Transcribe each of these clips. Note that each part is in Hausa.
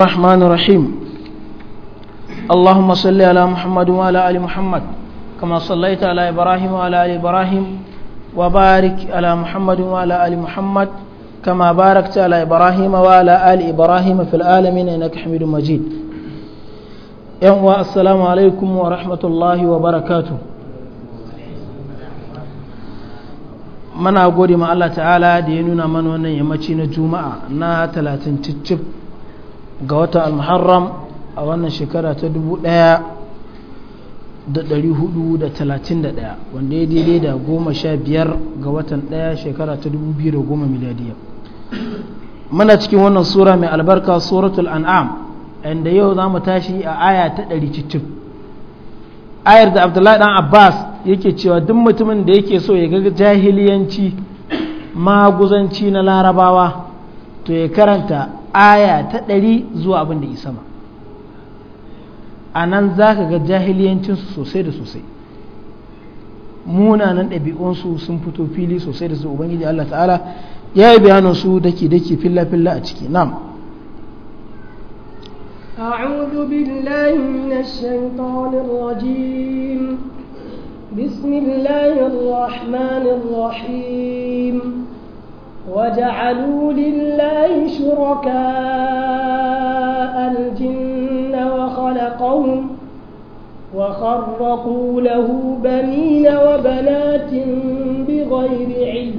الرحمن الرحيم اللهم صل على محمد وعلى آل محمد كما صليت على إبراهيم وعلى آل إبراهيم وبارك على محمد وعلى آل محمد كما باركت على إبراهيم وعلى آل إبراهيم في العالمين إنك حميد مجيد يوم السلام عليكم ورحمة الله وبركاته mana gode ma Allah ta'ala da ya nuna mana wannan yammaci na juma'a na talatin cicip ga watan al-muharram a wannan shekara ta 1431 wanda ya daidai da goma sha biyar ga watan ɗaya shekara ta 2010 miladiya mana cikin wannan sura mai albarka suratul an'am inda yau za mu tashi a aya ta 100 ayar da abdullahi dan abbas yake cewa duk mutumin da yake so ya ga jahiliyanci maguzanci na larabawa to ya karanta aya ta ɗari zuwa abin da isama a nan za ka ga jahiliyancinsu sosai da sosai munanan ɗabi'unsu sun fito fili sosai da su ubangiji Allah ta'ala ya yi bayanin su daki daki filla filla a ciki nam أعوذ بالله من الشيطان الرجيم بسم الله الرحمن الرحيم وجعلوا لله شركاء الجن وخلقهم وخرقوا له بنين وبنات بغير علم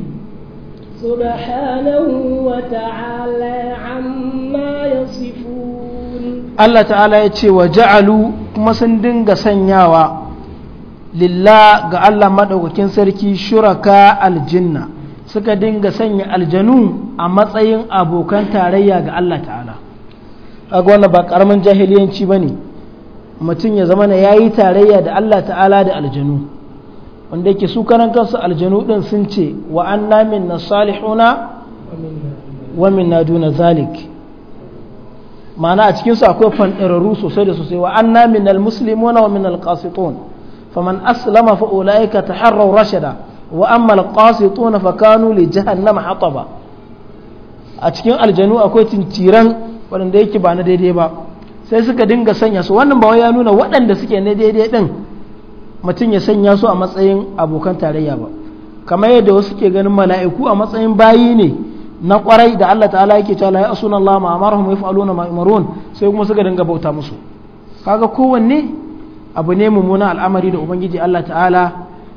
سبحانه وتعالى عما يصفون الله تعالى يتشي وجعلوا كما سندنغ سنياوا لله قال الله مدعوكين سركي شركاء الجنه suka dinga sanya aljanu a matsayin abokan tarayya ga Allah ta'ala kaga wannan ba karamin jahiliyanci bane mutum ya zama ya yayi tarayya da Allah ta'ala da aljanu wanda yake su karan kansu aljanu din sun ce wa anna min nasalihuna wa minna duna zalik ma'ana a cikin su akwai fanɗararru sosai da sosai wa anna minal muslimuna wa minal qasitun faman aslama fa ulaika taharraw rashada wa amma alqasituna fa kanu li jahannama hataba a cikin aljanu akwai tintiran waɗanda yake ba na daidai ba sai suka dinga sanya su wannan ba ya nuna waɗanda suke na daidai din mutum ya sanya su a matsayin abokan tarayya ba kamar yadda wasu ke ganin mala'iku a matsayin bayi ne na kwarai da Allah ta'ala yake cewa ya asuna Allah ma amarhum yaf'aluna ma yumarun sai kuma suka dinga bauta musu kaga kowanne abu ne mummuna al'amari da ubangiji Allah ta'ala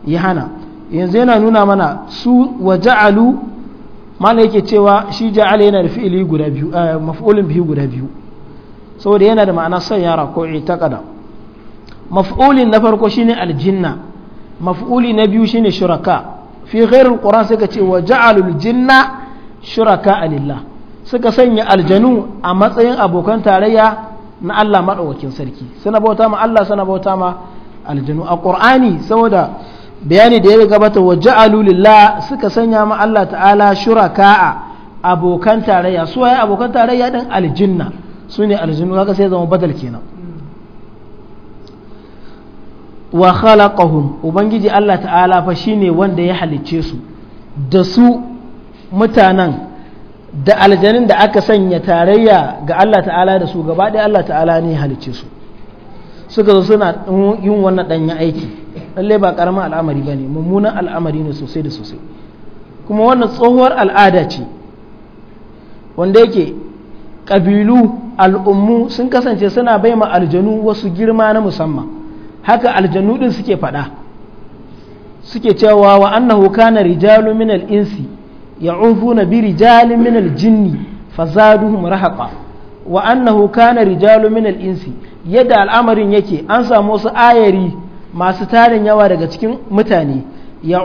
ya hana yanzu yana nuna mana su wa ja'alu mana yake cewa shi ja'ala yana da fi'ili guda biyu eh, maf'ulin bihi guda biyu saboda yana da ma'ana son yara ko itaqada maf'ulin na farko shine aljinna maf'uli na biyu shine shuraka fi ghairi alquran suka ce wa ja'alu aljinna shuraka lillah suka sanya aljanu a matsayin abokan tarayya na Allah madaukakin sarki suna bauta ma Allah suna bauta ma aljanu a qur'ani saboda bayani da ya gabata wa ja'alu lillah suka sanya ma Allah ta'ala shuraka'a abokan tarayya su waye abokan tarayya din aljinna su ne aljinnu kaga sai zama badal kenan wa khalaqahum ubangiji Allah ta'ala fa shine wanda ya halicce su da su mutanen da aljanin da aka sanya tarayya ga Allah ta'ala da su gaba ɗaya Allah ta'ala ne halicce su suka zo suna yin wannan ɗanyen aiki lallai ba karamin al'amari ba ne mummunan al'amari ne sosai da sosai kuma wannan tsohuwar al'ada ce wanda yake ƙabilu al'ummu sun kasance suna bai ma aljanu wasu girma na musamman haka aljanu din suke faɗa suke cewa wa annahu kana rijalu min al-insi ya'ufuna bi rijalin min al-jinni fazaduhum rahaqa wa annahu kana rijalu min al-insi yadda al'amarin yake an samu wasu ayari masu tarin yawa daga cikin mutane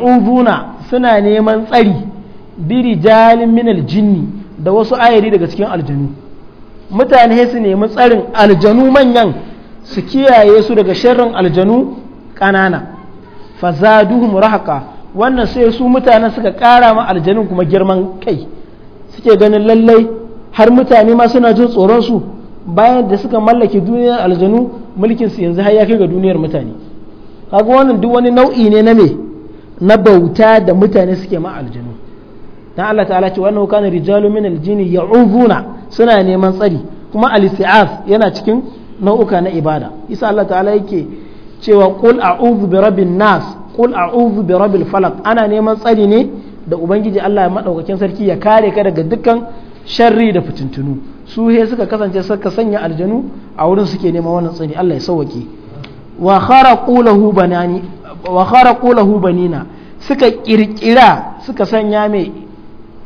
ubuna suna neman tsari biri jalin minal jinni da wasu ayari daga cikin aljanu mutane su nemi tsarin aljanu manyan su kiyaye su daga sharrin aljanu ƙanana fazaduhum rahaka wannan sai su mutane suka kara ma aljanun kuma girman kai suke ganin lallai har mutane ma suna jin tsoron su bayan da suka mallaki duniyar aljanu mulkin su yanzu har ya kai ga duniyar mutane kaga wannan duk wani nau'i ne na me na bauta da mutane suke ma aljanu dan Allah ta'ala ce wannan kana rijalu min aljini ya'uduna suna neman tsari kuma al-isti'az yana cikin nau'uka na ibada isa Allah ta'ala yake cewa qul a'udhu bi rabbin nas qul a'udhu bi rabbil falaq ana neman tsari ne da ubangiji Allah madaukakin sarki ya kare ka daga dukkan sharri da fitintunu su he suka kasance suka sanya aljanu a wurin suke neman wannan tsari Allah ya sauwake wa kharaqu lahu banina suka kirkira suka sanya mai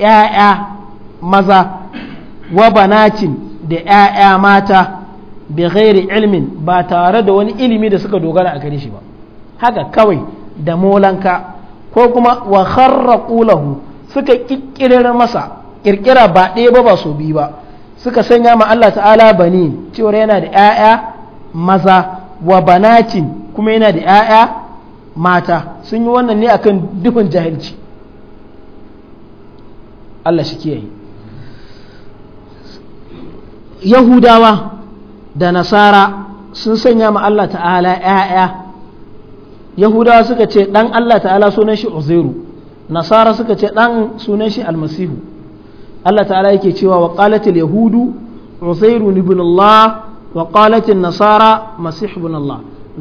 ‘ya'ya maza wa banacin da ‘ya'ya mata bi ghairi ilmin ba tare da wani ilimi da suka dogara a gare shi ba haka kawai da molanka ko kuma wa kharraqu lahu suka kirkirar masa kirkira ba ɗaya ba ba so biyu ba suka sanya ma Allah ta'ala bani cewa yana da ‘ya'ya maza wa banatin kuma yana da 'ya'ya mata sun yi wannan ne akan dukan jahilci Allah shi kiyaye yahudawa da nasara sun sanya ma Allah ta'ala 'ya'ya yahudawa suka ce ɗan Allah ta'ala sunan shi uzairu nasara suka ce ɗan sunan shi almasihu Allah ta'ala yake cewa wa qalatil yahudu uzairu ibn Allah وقالت النصارى مسيح ابن الله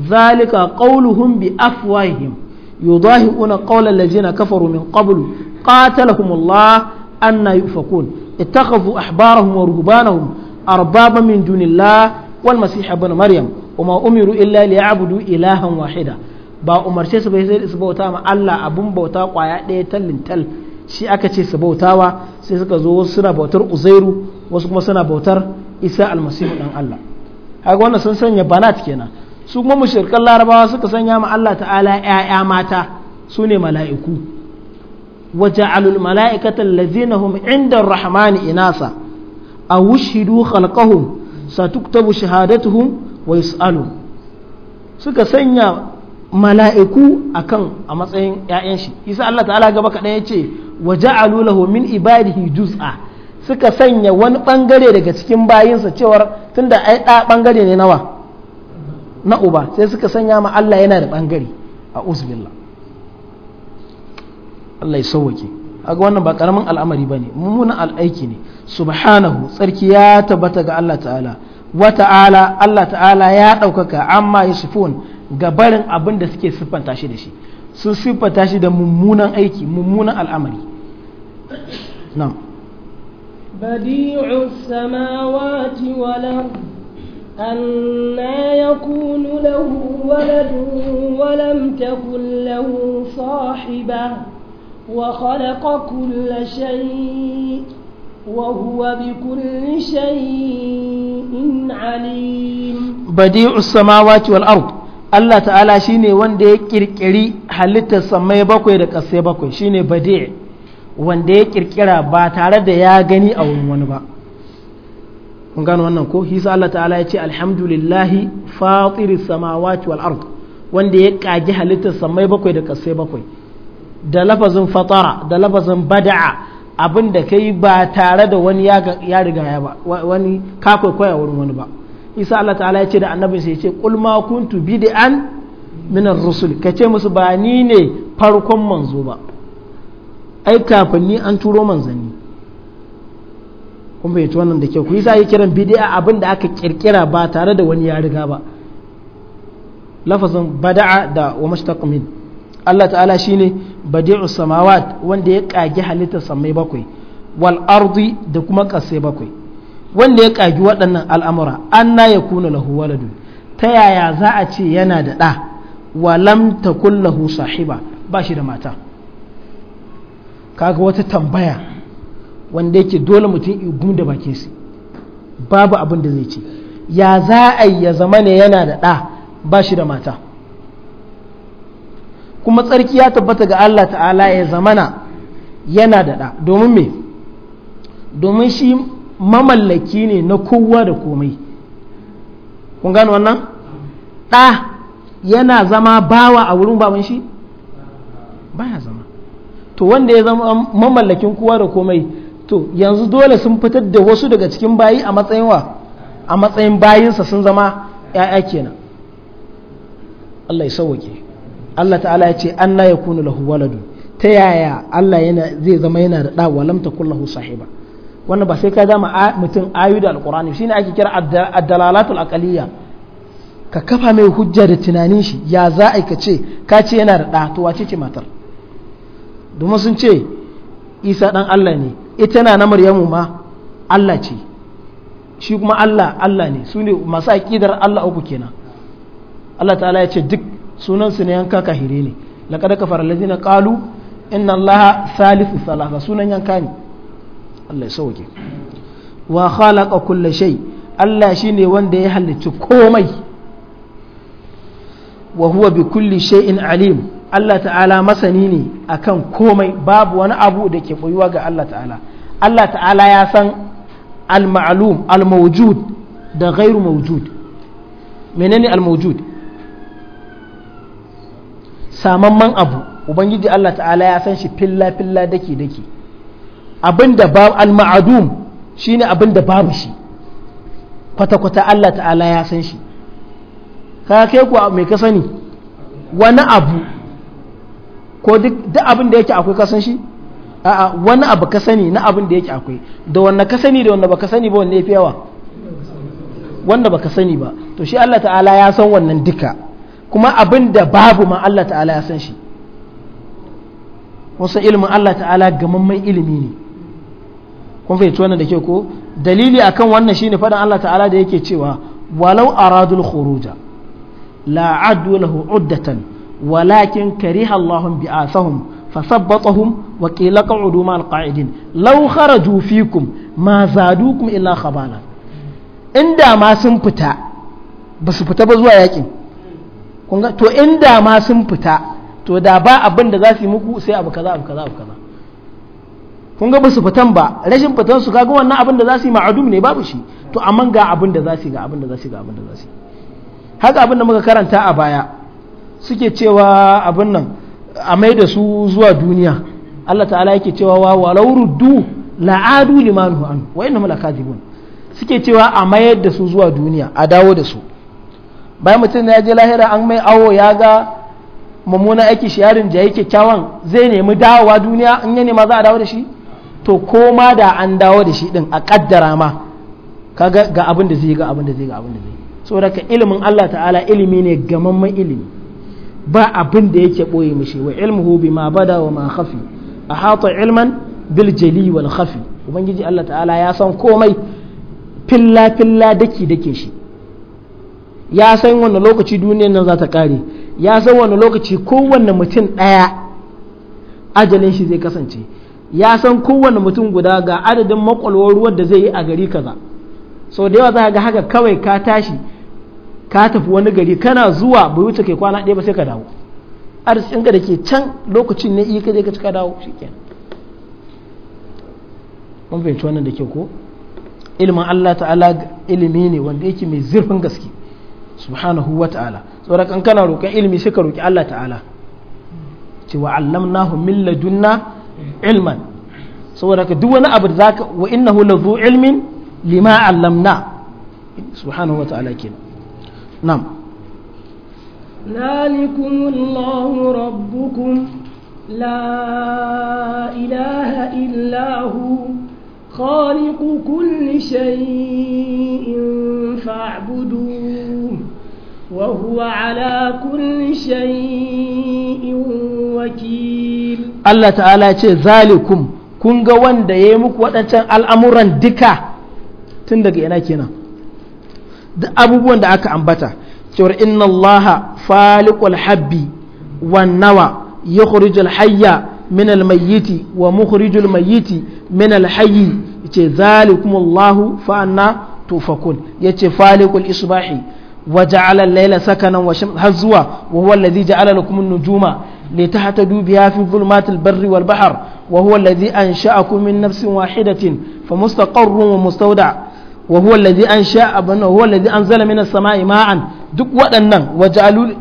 ذلك قولهم بأفواههم يضاهئون قول الذين كفروا من قبل قاتلهم الله أن يؤفكون اتخذوا أحبارهم ورهبانهم أربابا من دون الله والمسيح ابن مريم وما أمروا إلا ليعبدوا إلها واحدا ba umarce su bai su bauta ma Allah abun bauta kwaya ɗaya tallin tal shi aka ce su bautawa sai suka zo wasu suna bautar Uzairu wasu kuma suna bautar Isa almasihu dan Allah haka wannan sun sanya banat kenan su kuma mushirkan larabawa suka sanya ma Allah ta'ala yaya mata su ne mala'iku wa ja'alul mala'ikata allazina hum inda rahmani inasa aw ushidu khalqahum satuktabu shahadatuhum wa yus'alu suka sanya mala'iku akan a matsayin yayan shi isa Allah ta'ala gaba kaɗan ya ce wa ja'alu lahu min ibadihi juz'a suka sanya wani bangare daga cikin bayinsa cewar tunda ai da bangare ne nawa na uba sai suka sanya ma Allah yana da bangare a usbillah Allah ya sauwake kaga wannan ba karamin al'amari bane mummunan al'aiki ne subhanahu Sarki ya tabbata ga Allah ta'ala wa ta'ala Allah ta'ala ya ɗaukaka amma yusufun ga barin abin da suke siffanta shi da shi sun siffanta shi da mummunan aiki mummunan al'amari na'am بديع السماوات والأرض أنا يكون له ولد ولم تكن له صاحبة وخلق كل شيء وهو بكل شيء عليم بديع السماوات والأرض Allah ta'ala shine wanda ya kirkiri halittar samai bakwai da ƙasai bakwai shine badi' wanda ya kirkira ba tare da ya gani a wurin wani ba kun gano wannan ko hisa Allah ta'ala ya ce alhamdulillahi fatiri samawati wal ard wanda ya kagi halittar samai bakwai da kasai bakwai da lafazin fatara da lafazin bada'a abinda da kai ba tare da wani ya riga ya ba wani ka kwaikwaya wurin wani ba isa Allah ta'ala ya ce da annabin sai ya ce qul ma kuntu bid'an min ar-rusul kace musu ba ni ne farkon manzo ba ai kafanni an turo manzanni kun fahimci wannan da kyau ku yi sa yi kiran bidi'a abin da aka kirkira ba tare da wani ya riga ba lafazin bada'a da wa mashtaqmin Allah ta'ala shine badi'u samawat wanda ya kage halittar samai bakwai wal ardi da kuma kasai bakwai wanda ya kagi waɗannan al'amura anna yakuna lahu waladu ta yaya za a ce yana da ɗa wa lam lahu sahiba ba shi da mata kaga wata tambaya wanda yake dole mutum igum da bake su babu abin da zai ce ya za a yi ya zama ne yana da ɗa ba shi da mata kuma tsarki ya tabbata ga Allah ta'ala ya zamana yana da ɗa domin me domin shi mamallaki ne na kowa da komai kun gano wannan ɗa yana zama bawa a wurin baban shi baya zama to wanda ya zama mamallakin kowa da komai to yanzu dole sun fitar da wasu daga cikin bayi a matsayin wa a matsayin bayinsa sun zama ‘ya'ya kenan Allah ya sauke Allah ta'ala ya ce anna yakunu ya kunu lahu waladu ta yaya Allah zai zama yana da ɗa walam ta sahiba wannan ba sai ka zama mutum ayu da alƙur'ani shine ake kira ad-dalalatul aqaliyya ka kafa mai hujja da tunanin shi ya za a ka ce ka yana da ɗa to wace ce matar domin sun ce isa dan Allah ne ita na na maryamu ma Allah ce shi kuma Allah Allah ne su ne masu aƙidar Allah uku kenan Allah ta'ala ya ce duk sunansu ne yanka kahire ne laqad kafara allazina in inna laha Salisu salasa sunan yanka ne Allah ya sauke wa khalaqa kulle shai Allah shi ne wanda ya halitta komai wa huwa bi kulli shay'in alim Allah ta'ala masani ne a kan komai babu wani abu da ke boyuwa ga Allah ta'ala Allah ta'ala ya san al-ma'lum al-mawjud da ghairu mawjud menene al-mawjud samamman abu ubangiji Allah ta'ala ya san shi filla filla dake dake abinda ba al-ma'dum shine abinda babu shi kwata kwata Allah ta'ala ya san shi ka kai ku me ka sani wani abu ko duk abin da yake akwai kasan shi a'a wani abu ka sani na abin da yake akwai da wanda ka sani da wanda baka sani ba wanda yafi yawa wanda baka sani ba to shi Allah ta'ala ya san wannan duka kuma abin da babu ma Allah ta'ala ya san shi wasu ilimin Allah ta'ala gamamman ilimi ne kun fahimci wannan da ke ko dalili akan wannan shine faɗin Allah ta'ala da yake cewa walau aradul khuruja la adu lahu uddatan walakin kariha Allahum bi'asahum فثبطهم وقيل اقعدوا مع القاعدين لو خرجوا فيكم ما زادوكم الا خبالا inda ma sun fita ba su fita ba zuwa yakin to inda ma sun fita to da ba abin da za su yi muku sai abu kaza abu kaza abu kaza kun ga ba su fitan ba rashin fitan su kaga wannan abin da za su yi ma'adum ne babu shi to amma ga abin da za su yi ga abin da za su yi ga abin da za su yi haka abin da muka karanta a baya suke cewa abin nan a mai da su zuwa duniya Allah ta'ala yake cewa wa walauru du la'adu limanu an wa innahum lakadibun suke cewa a mayar da su zuwa duniya a dawo da su bayan mutum ya je lahira an mai awo ya ga mummunan aiki shi yarin yake kyakkyawan zai nemi dawowa duniya in ya nema za a dawo da shi to ko ma da an dawo da shi din a kaddara ma kaga ga abin da zai ga abin da zai ga abin da zai saboda ka ilimin Allah ta'ala ilimi ne gamamman ilimi ba abin da yake ɓoye mishi wa ilmuhu bi ma bada wa ma khafi a hata ilman bil jali wal khafi ubangiji Allah ta'ala ya san komai filla filla daki dake shi ya san wani lokaci duniyar nan za ta kare ya san wani lokaci kowanne mutum ɗaya ajalin shi zai kasance ya san kowanne mutum guda ga adadin makwalwar ruwan da zai yi a gari kaza sau da yawa za ga haka kawai ka tashi ka tafi wani gari kana zuwa bai wuce kai kwana ɗaya ba sai ka dawo arzikin ka da ke can lokacin ne ka je ka cika dawo ke mun fahimci wannan da ke ko ilimin Allah ta'ala ilimi ne wanda yake mai zurfin gaske subhanahu wa ta'ala tsoron kan kana roƙon ilimi sai ka roƙi Allah ta'ala cewa allamnahu min ladunna ilman saboda ka duk wani abu da zaka wa innahu ladhu ilmin lima allamna subhanahu wa ta'ala kenan نعم ذلكم الله ربكم لا إله إلا هو خالق كل شيء فاعبدوه وهو على كل شيء وكيل الله تعالى يقول ذلكم kun ga wanda ya yi muku waɗancan al'amuran duka da abubuwan da aka ambata cewar inna allaha faliqul habbi wan nawa yukhrijul hayya min al mayyiti wa mukhrijul mayyiti min al hayyi yace zalikumullahu fa anna tufakun yace faliqul isbahi wa ja'ala al-layla sakanan wa shamsa har zuwa wa huwa alladhi ja'ala lakum an-nujuma litahtadu biha fi dhulumatil barri wal bahr wa huwa alladhi ansha'akum min nafsin wahidatin fa mustaqarrun wa huwa alladhi ansha abana huwa alladhi anzala minas sama'i ma'an duk waɗannan waja'alul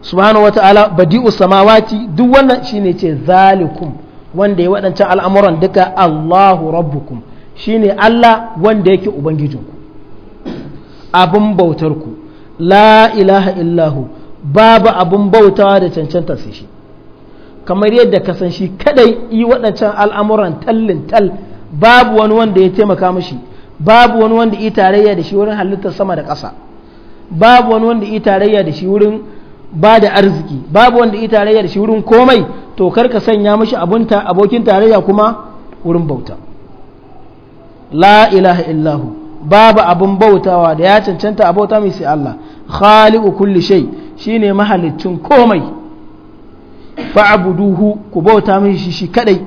subhanahu wata'ala badi'us samawati duk wannan shine ce zalikum wanda ya waɗancan al'amuran duka Allahu rabbukum shine Allah wanda yake ubangijinku abin bautarku la ilaha illahu babu abin bautawa da cancanta sai shi kamar yadda ka san shi kaɗai yi waɗancan al'amuran tallin tal babu wani wanda ya taimaka mashi. babu wani wanda yi tarayya da shi wurin halittar sama da ƙasa babu wani wanda yi tarayya da shi wurin ba da arziki babu wanda yi tarayya da shi wurin komai to kar ka sanya mashi abunta abokin tarayya kuma wurin bauta la ilaha illahu babu abun bautawa da ya cancanta abota mai sai Allah khaliqu kulli shay shine mahalicin komai fa'buduhu ku bauta mishi shi kadai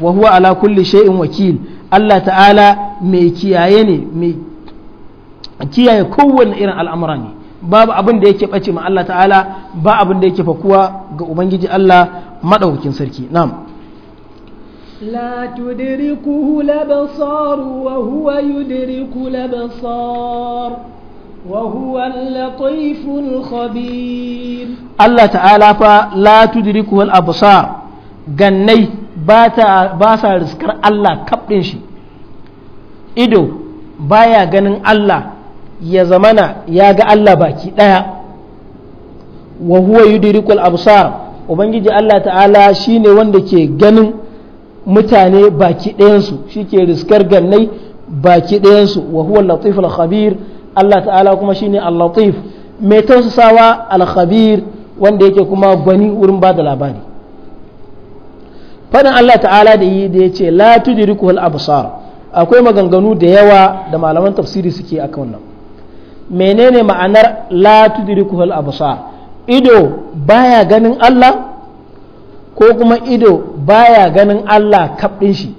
wa huwa ala kulli shay'in wakil Allah ta'ala mai kiyaye ne mai kiyaye kowanne irin al'amura ne babu abin da yake ɓace ma Allah ta'ala ba abin da yake kuwa ga Ubangiji Allah maɗaukakin sarki nam لا تدركه الأبصار وهو يدرك الأبصار وهو اللطيف الخبير الله تعالى فلا تدركه الأبصار جني ba sa riskar Allah kaɗin shi ido baya ganin Allah ya zamana ya ga Allah baki ɗaya wa huwa yudrikul absar ubangiji Allah ta'ala shine wanda ke ganin mutane baki ɗayansu shi ke riskar gannai baki ɗayansu wa huwa al khabir Allah ta'ala kuma shine al-latif mai tausasawa al-khabir wanda yake kuma gwani wurin ba da labari fadin Allah ta'ala da yi da ya ce la tudiriku al absar akwai maganganu da yawa da malaman tafsiri suke akan wannan menene ma'anar la tudiriku al absar ido baya ganin Allah ko kuma ido baya ganin Allah kabdin shi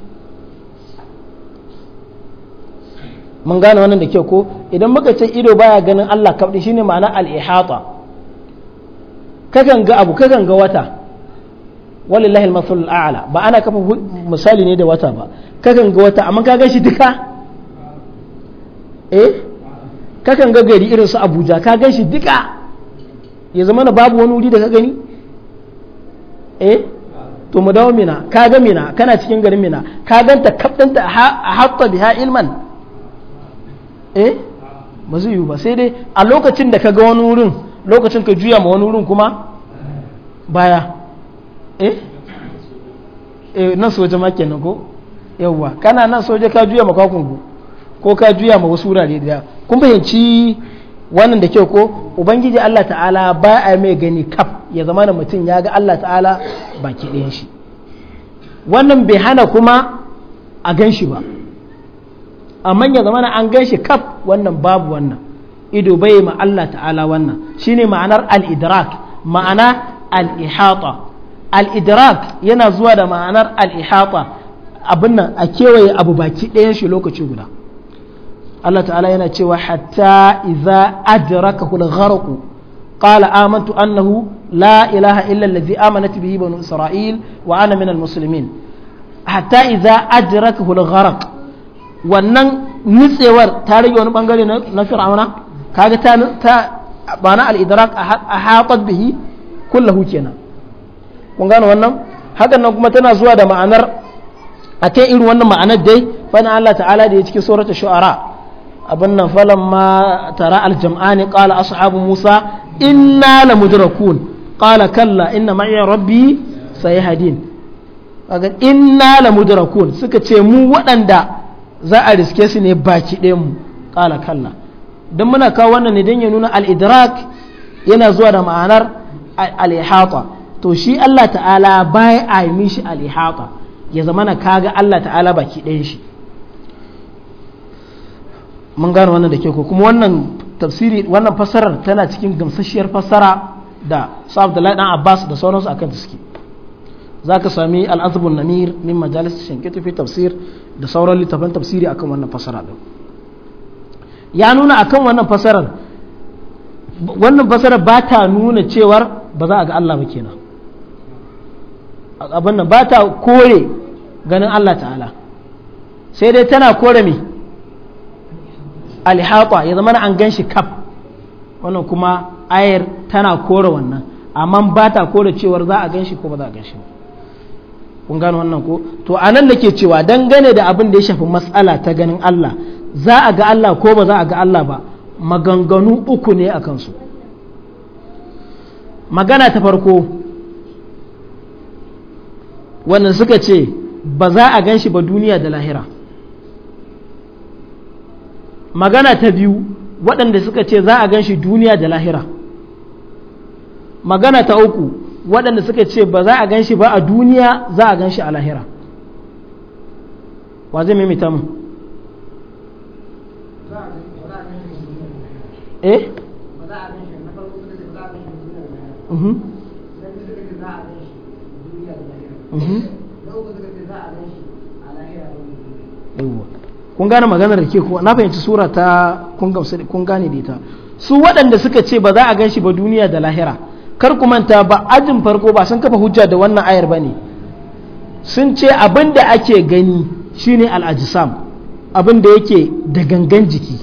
mun gane wannan da kyau ko idan muka ce ido baya ganin Allah kabdin ne ma'ana al ihata kakan ga abu kakan ga wata walillahi al-masalul a'la ba ana kafa misali ne da wata ba kakan ga wata amma ka gashi duka eh kakan ga gari irin su Abuja ka gashi duka ya zama na babu wani wuri da ka gani eh to mu dawo mina ka ga mina kana cikin garin mina ka ganta kaftanta a hatta biha ilman eh ba zai yiwu ba sai dai a lokacin da ka ga wani wurin lokacin ka juya ma wani wurin kuma baya Eh? eh nan soja ma kenan ko yawwa kana nan soja ka juya ma kwakungu ko ka juya ma wasu wurare da kun fahimci wannan da kyau ko ubangiji Allah ta'ala ba a mai gani kaf ya zama na mutum ya ga Allah ta'ala ba baki ɗayan shi wannan bai hana kuma a ganshi ba amma ya zama an ganshi kaf wannan babu wannan ido bai ma Allah ta'ala wannan shine ma'anar al-idrak ma'ana al-ihata alidrak yana zuwa da ma'anar al abin nan a kewaye abu baki ɗayan shi lokaci guda Allah ta'ala yana cewa hatta iza adrakahu al-gharq qala amantu annahu la ilaha illa allazi amanat bihi banu isra'il wa ana min al hatta idza adrakahu al-gharq wannan nitsewar ta rage wani bangare na fir'auna kaga ta ba na al-idrak a bihi kullahu kenan kun gane wannan hakan nan kuma tana zuwa da ma'anar a kan irin wannan ma'anar dai fana Allah ta'ala da ya cikin suratul shu'ara abin nan falan ma tara aljam'ani qala ashabu musa inna la mudrakun ƙala kalla inna ma'iya rabbi sayhadin kaga inna la mudrakun suka ce mu waɗanda za a riske su ne baki ɗayan mu ƙala kalla don muna kawo wannan ne don ya nuna al-idrak yana zuwa da ma'anar al-ihata to shi Allah ta'ala bai a yi mishi alihaka ya zama na kaga Allah ta'ala baki ɗin shi mun gano wannan da ke ko kuma wannan tafsiri wannan fasarar tana cikin gamsasshiyar fasara da su Abdullahi ladan Abbas da sauransu akan suke za ka sami al'azabun namir min majalis shankitu fi tafsir da sauran littafin tafsiri akan wannan fasara din ya nuna akan wannan fasarar wannan fasarar ba ta nuna cewar ba za a ga Allah ba kenan abin nan ba ta kore ganin Allah ta'ala sai dai tana kore me alhaqa ya zama an gan shi kaf wannan kuma ayar tana kore wannan amma ba ta kore cewar za a gan shi ko ba za a gan shi ba kun gano wannan ko to a nan nake cewa dangane da abin da ya shafi matsala ta ganin Allah za a ga Allah ko ba za a ga Allah ba maganganu uku ne a kansu magana ta farko wannan suka ce ba za a gan shi ba duniya da lahira magana ta biyu waɗanda suka ce za a gan shi duniya da lahira magana ta uku waɗanda suka ce ba za a gan shi ba a duniya za a gan shi a lahira wa zai mimita mu Mm -hmm. Mhm. kun gane magana da ke kuwa na fahimci sura ta kun gane da ita su waɗanda suka ce ba za a gan shi ba duniya da lahira kar ku manta ba ajin farko ba sun kafa hujja da wannan ayar ba ne sun ce abin da ake gani shine al'ajisam abin da yake da gangan jiki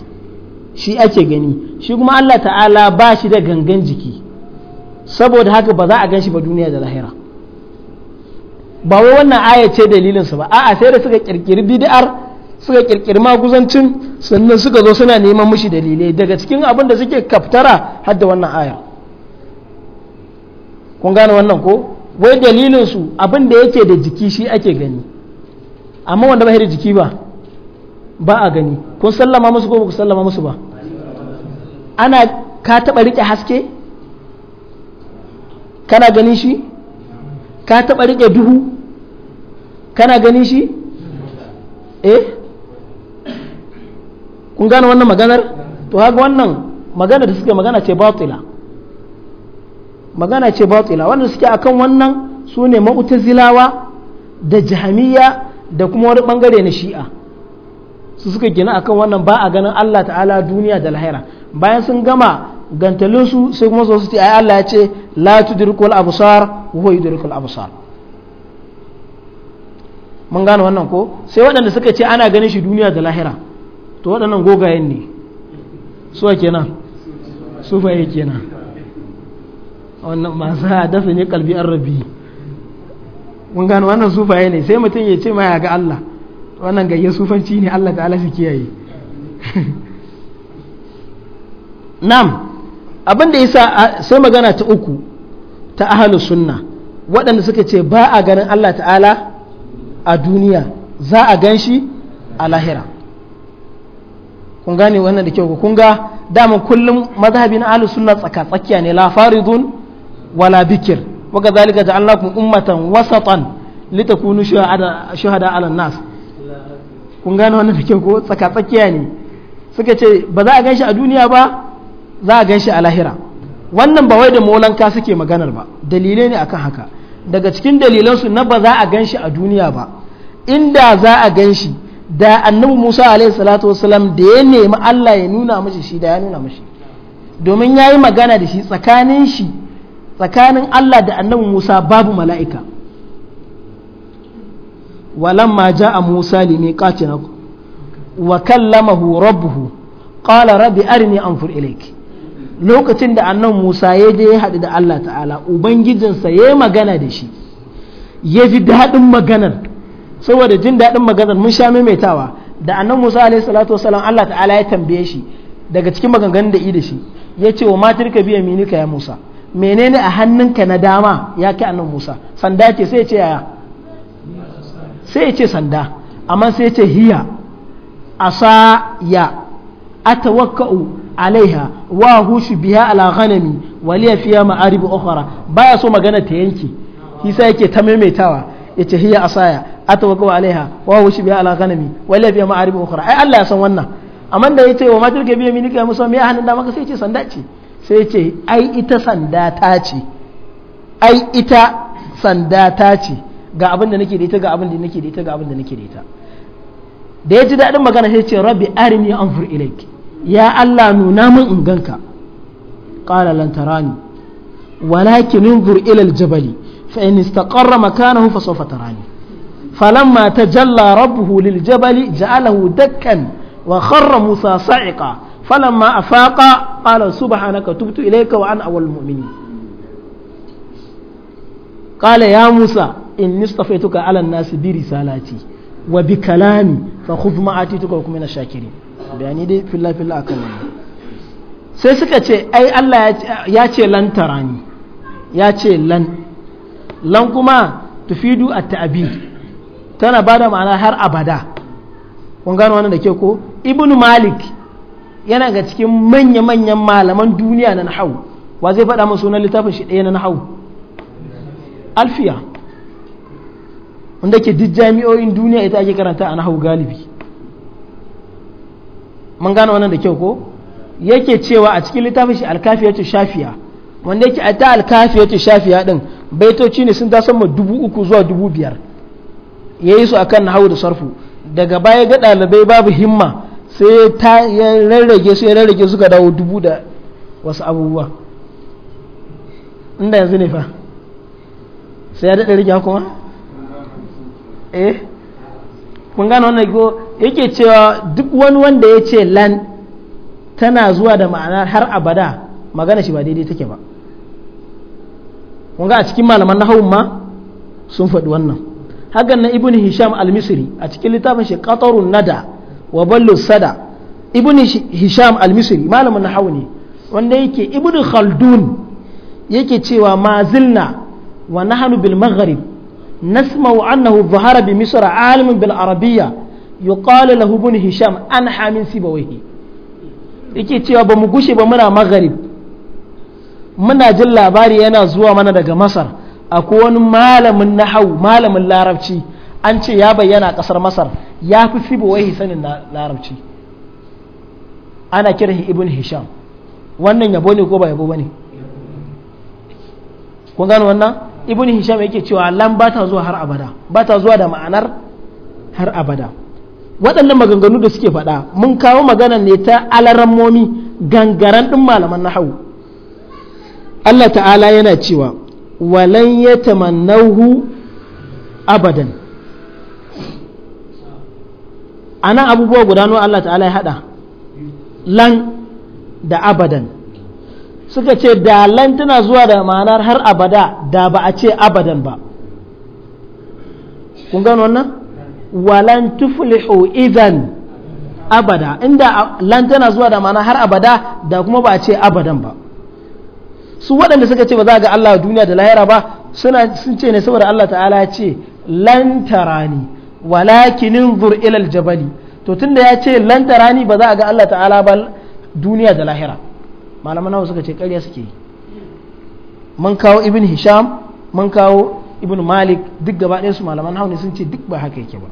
shi ake gani shi kuma Allah ta'ala ba shi da gangan jiki saboda haka ba za a gan ba duniya da lahira ba wai wannan aya ce dalilin su ba a'a sai da suka kirkiri bid'ar suka kirkiri maguzancin sannan suka zo suna neman mishi dalilai daga cikin abin da suke kaftara har da wannan aya kun gane wannan ko wai dalilin su abin da yake da jiki shi ake gani amma wanda ba da jiki ba ba a gani kun sallama musu ko ba ku sallama musu ba ana ka taɓa rike haske kana ganin shi ka taɓa rike duhu kana ganin shi eh kun gane wannan maganar to haka wannan magana da suke magana ce batila magana ce batila wanda suke akan wannan su ne ma'utazilawa da jahamiya da kuma wani bangare na shi'a su suka gina akan wannan ba a ganin Allah ta'ala duniya da lahira bayan sun gama gantalinsu sai kuma su ce ai Allah ya ce la tudrikul absar wa huwa yudrikul absar mun gano wannan ko sai waɗanda suka ce ana ganin shi duniya da lahira to waɗannan gogayen ne su a kenan sufaye kenan wannan masu dafa ne kalbi an rabi mun gano wannan sufaye ne sai mutum ya ce ma ya ga Allah wannan gayyar sufanci ne Allah ta shi kiyaye nam abin da yasa sai magana ta uku ta ahlus sunna waɗanda suka ce ba a ganin Allah ta'ala a duniya za a gan shi a lahira kun gane wannan da kyau kun ga daman kullum mazhabin ahlus sunna tsaka tsakiya ne la faridun wala bikir wa kadhalika ja'alnakum ummatan wasatan litakunu shuhada shuhada ala nas kun gane wannan da kyau ko tsaka tsakiya ne suka ce ba za a ganshi a duniya ba za a ganshi a lahira wannan ba wai da molanka suke maganar ba dalilai ne akan haka daga cikin dalilansu na ba za a ganshi a duniya ba inda za a gan shi da annabi musa alaihi salatu wasalam da ya nemi allah ya nuna mashi shi da ya nuna mashi domin ya yi magana da shi tsakanin shi tsakanin allah da annabi musa babu mala'ika ja a musa na ku. wa kallama kallamahu rabbuhu qala rabbi arini anfur ilayk lokacin da annan Musa ya je ya haɗu da Allah ta'ala Ubangijinsa ya yi magana da shi ya ji daɗin maganar saboda jin daɗin maganar mun sha maimaitawa da annan musa alaihi salatu wasalam allah ta'ala ya tambaye shi daga cikin maganganun da da shi ya ce wa matirka biya minika ya musa menene a hannunka na dama ya kai annan musa sanda ce sai ya ce yaya sai ya ce sanda amma sai ya ce hiya asa ya atawakka'u alaiha wa hushu biya ala ghanami waliya fiya ma'arib ukhra baya so magana ta yanke shi sai yake ta maimaitawa yace hiya asaya atawakkalu alaiha wa huwa shibi ala ghanami wa la bi ma'arib ukhra ai Allah ya san wannan amma da yace wa matul gabi mini kai musa me hannun da maka sai ce sanda ce sai ce ai ita sanda ta ce ai ita sanda ta ce ga abin da nake da ita ga abin da nake da ita ga abin da nake da ita da ya ji daɗin magana sai ce rabbi arini anfur ilaik ya Allah nuna min in ganka qala lan tarani walakin انظر إلى الجبل فإن استقر مكانه فسوف تراني فلما تجلى ربه للجبل جعله دكا وخر موسى صعقا فلما أفاق قال سبحانك تبت إليك وأنا أول المؤمنين قال يا موسى إني اصطفيتك على الناس برسالاتي وبكلامي فخذ ما آتيتك وكن من الشاكرين bayani dai filla filla akan wannan sai suka ce ai Allah ya ce lan tarani ya ce lan lan kuma tufidu at-ta'bid tana ba da ma'ana har abada kun gano wannan da ke ko ibn malik yana ga cikin manya-manyan malaman duniya na nahau wa zai faɗa masu sunan littafin shi ɗaya na nahau alfiya wanda ke duk jami'o'in duniya ita ake karanta a nahau galibi mun gano wannan da kyau ko yake cewa a cikin littafin shi alkafiyatu shafiya wanda yake a ta alkafiyatu shafiya din baitoci ne sun ma dubu uku zuwa dubu biyar ya yi su akan hau da sarfu daga baya ga ɗalibai babu himma sai ta ya rarrage su ya rarrage ga dawo dubu da wasu abubuwa inda yanzu ne fa sai ya daɗa rike kuma eh kun gane wannan ko yake cewa duk wani wanda ya ce lan tana zuwa da ma'ana har abada magana shi ba daidai take ba kun ga a cikin malaman na hau ma sun faɗi wannan hakan na ibn hisham al-misri a cikin littafin shi qatarun nada wa ballu sada ibn hisham al-misri malamin nahawu ne wanda yake ibn khaldun yake cewa mazilna wa nahnu bil maghrib nasma'u annahu dhahara bi misr alim bil arabiyya yuqalu lahu ibn hisham an hamin sibawayhi yake cewa ba mu gushe ba muna maghrib muna jin labari yana zuwa mana daga masar akwai wani malamin nahau malamin larabci an ce ya bayyana kasar ƙasar masar ya fi wai sanin larabci ana kiran ibn hisham wannan yabo ne ko ba yabo ba ne kun gano wannan ibn hisham yake cewa lan ba ta zuwa har abada ba ta zuwa da ma'anar har abada waɗannan maganganu da suke faɗa mun kawo magana ne ta Momi gangaren ɗin malaman nahawu Allah ta'ala yana cewa walan ya tamannahu abadan ana abubuwa guda Allah ta'ala ya haɗa lan da abadan suka ce da lan tana zuwa da ma'anar har abada da ba a ce abadan ba kun gano wannan walan tuflihu idan abada inda lan tana zuwa da ma'anar har abada da kuma ba a ce abadan ba su waɗanda suka ce ba za ga Allah a duniya da lahira ba suna sun ce ne saboda Allah ta'ala ya ce lantara tarani walakinin zur ilal jabali to tunda ya ce lantara tarani ba za a ga Allah ta'ala ba duniya da lahira malaman nawa suka ce ƙarya suke yi mun kawo ibn hisham mun kawo ibn malik duk gaba ɗaya su malaman nawa ne sun ce duk ba haka yake ba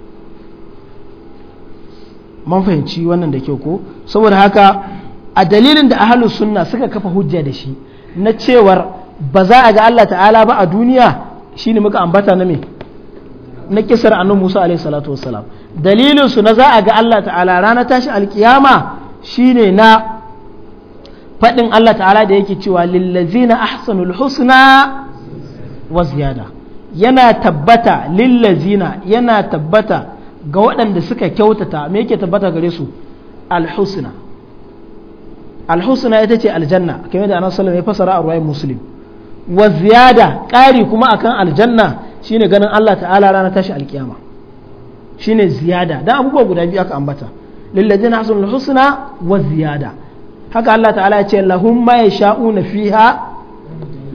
mun fahimci wannan da kyau ko saboda haka a dalilin da ahlus sunna suka kafa hujja da shi na cewar ba za a ga Allah ta'ala ba a duniya shi ne muka ambata na me na kisar annabi Musa alaihi salatu wassalam dalilin su na za a ga Allah ta'ala ranar tashi alkiyama shine na faɗin Allah ta'ala da yake cewa lillazina ahsanul husna wa ziyada yana tabbata lillazina yana tabbata ga waɗanda suka kyautata me yake tabbata gare su alhusna alhusna ita ce aljanna kamar da annabi sallallahu ya fasara a muslim wa ziyada ƙari kuma akan aljanna shine ganin Allah ta'ala ranar tashi alkiyama shine ziyada dan abubuwa guda biyu aka ambata lillazina hasanul husna wa ziyada haka Allah ta'ala ya ce lahum ma yasha'una fiha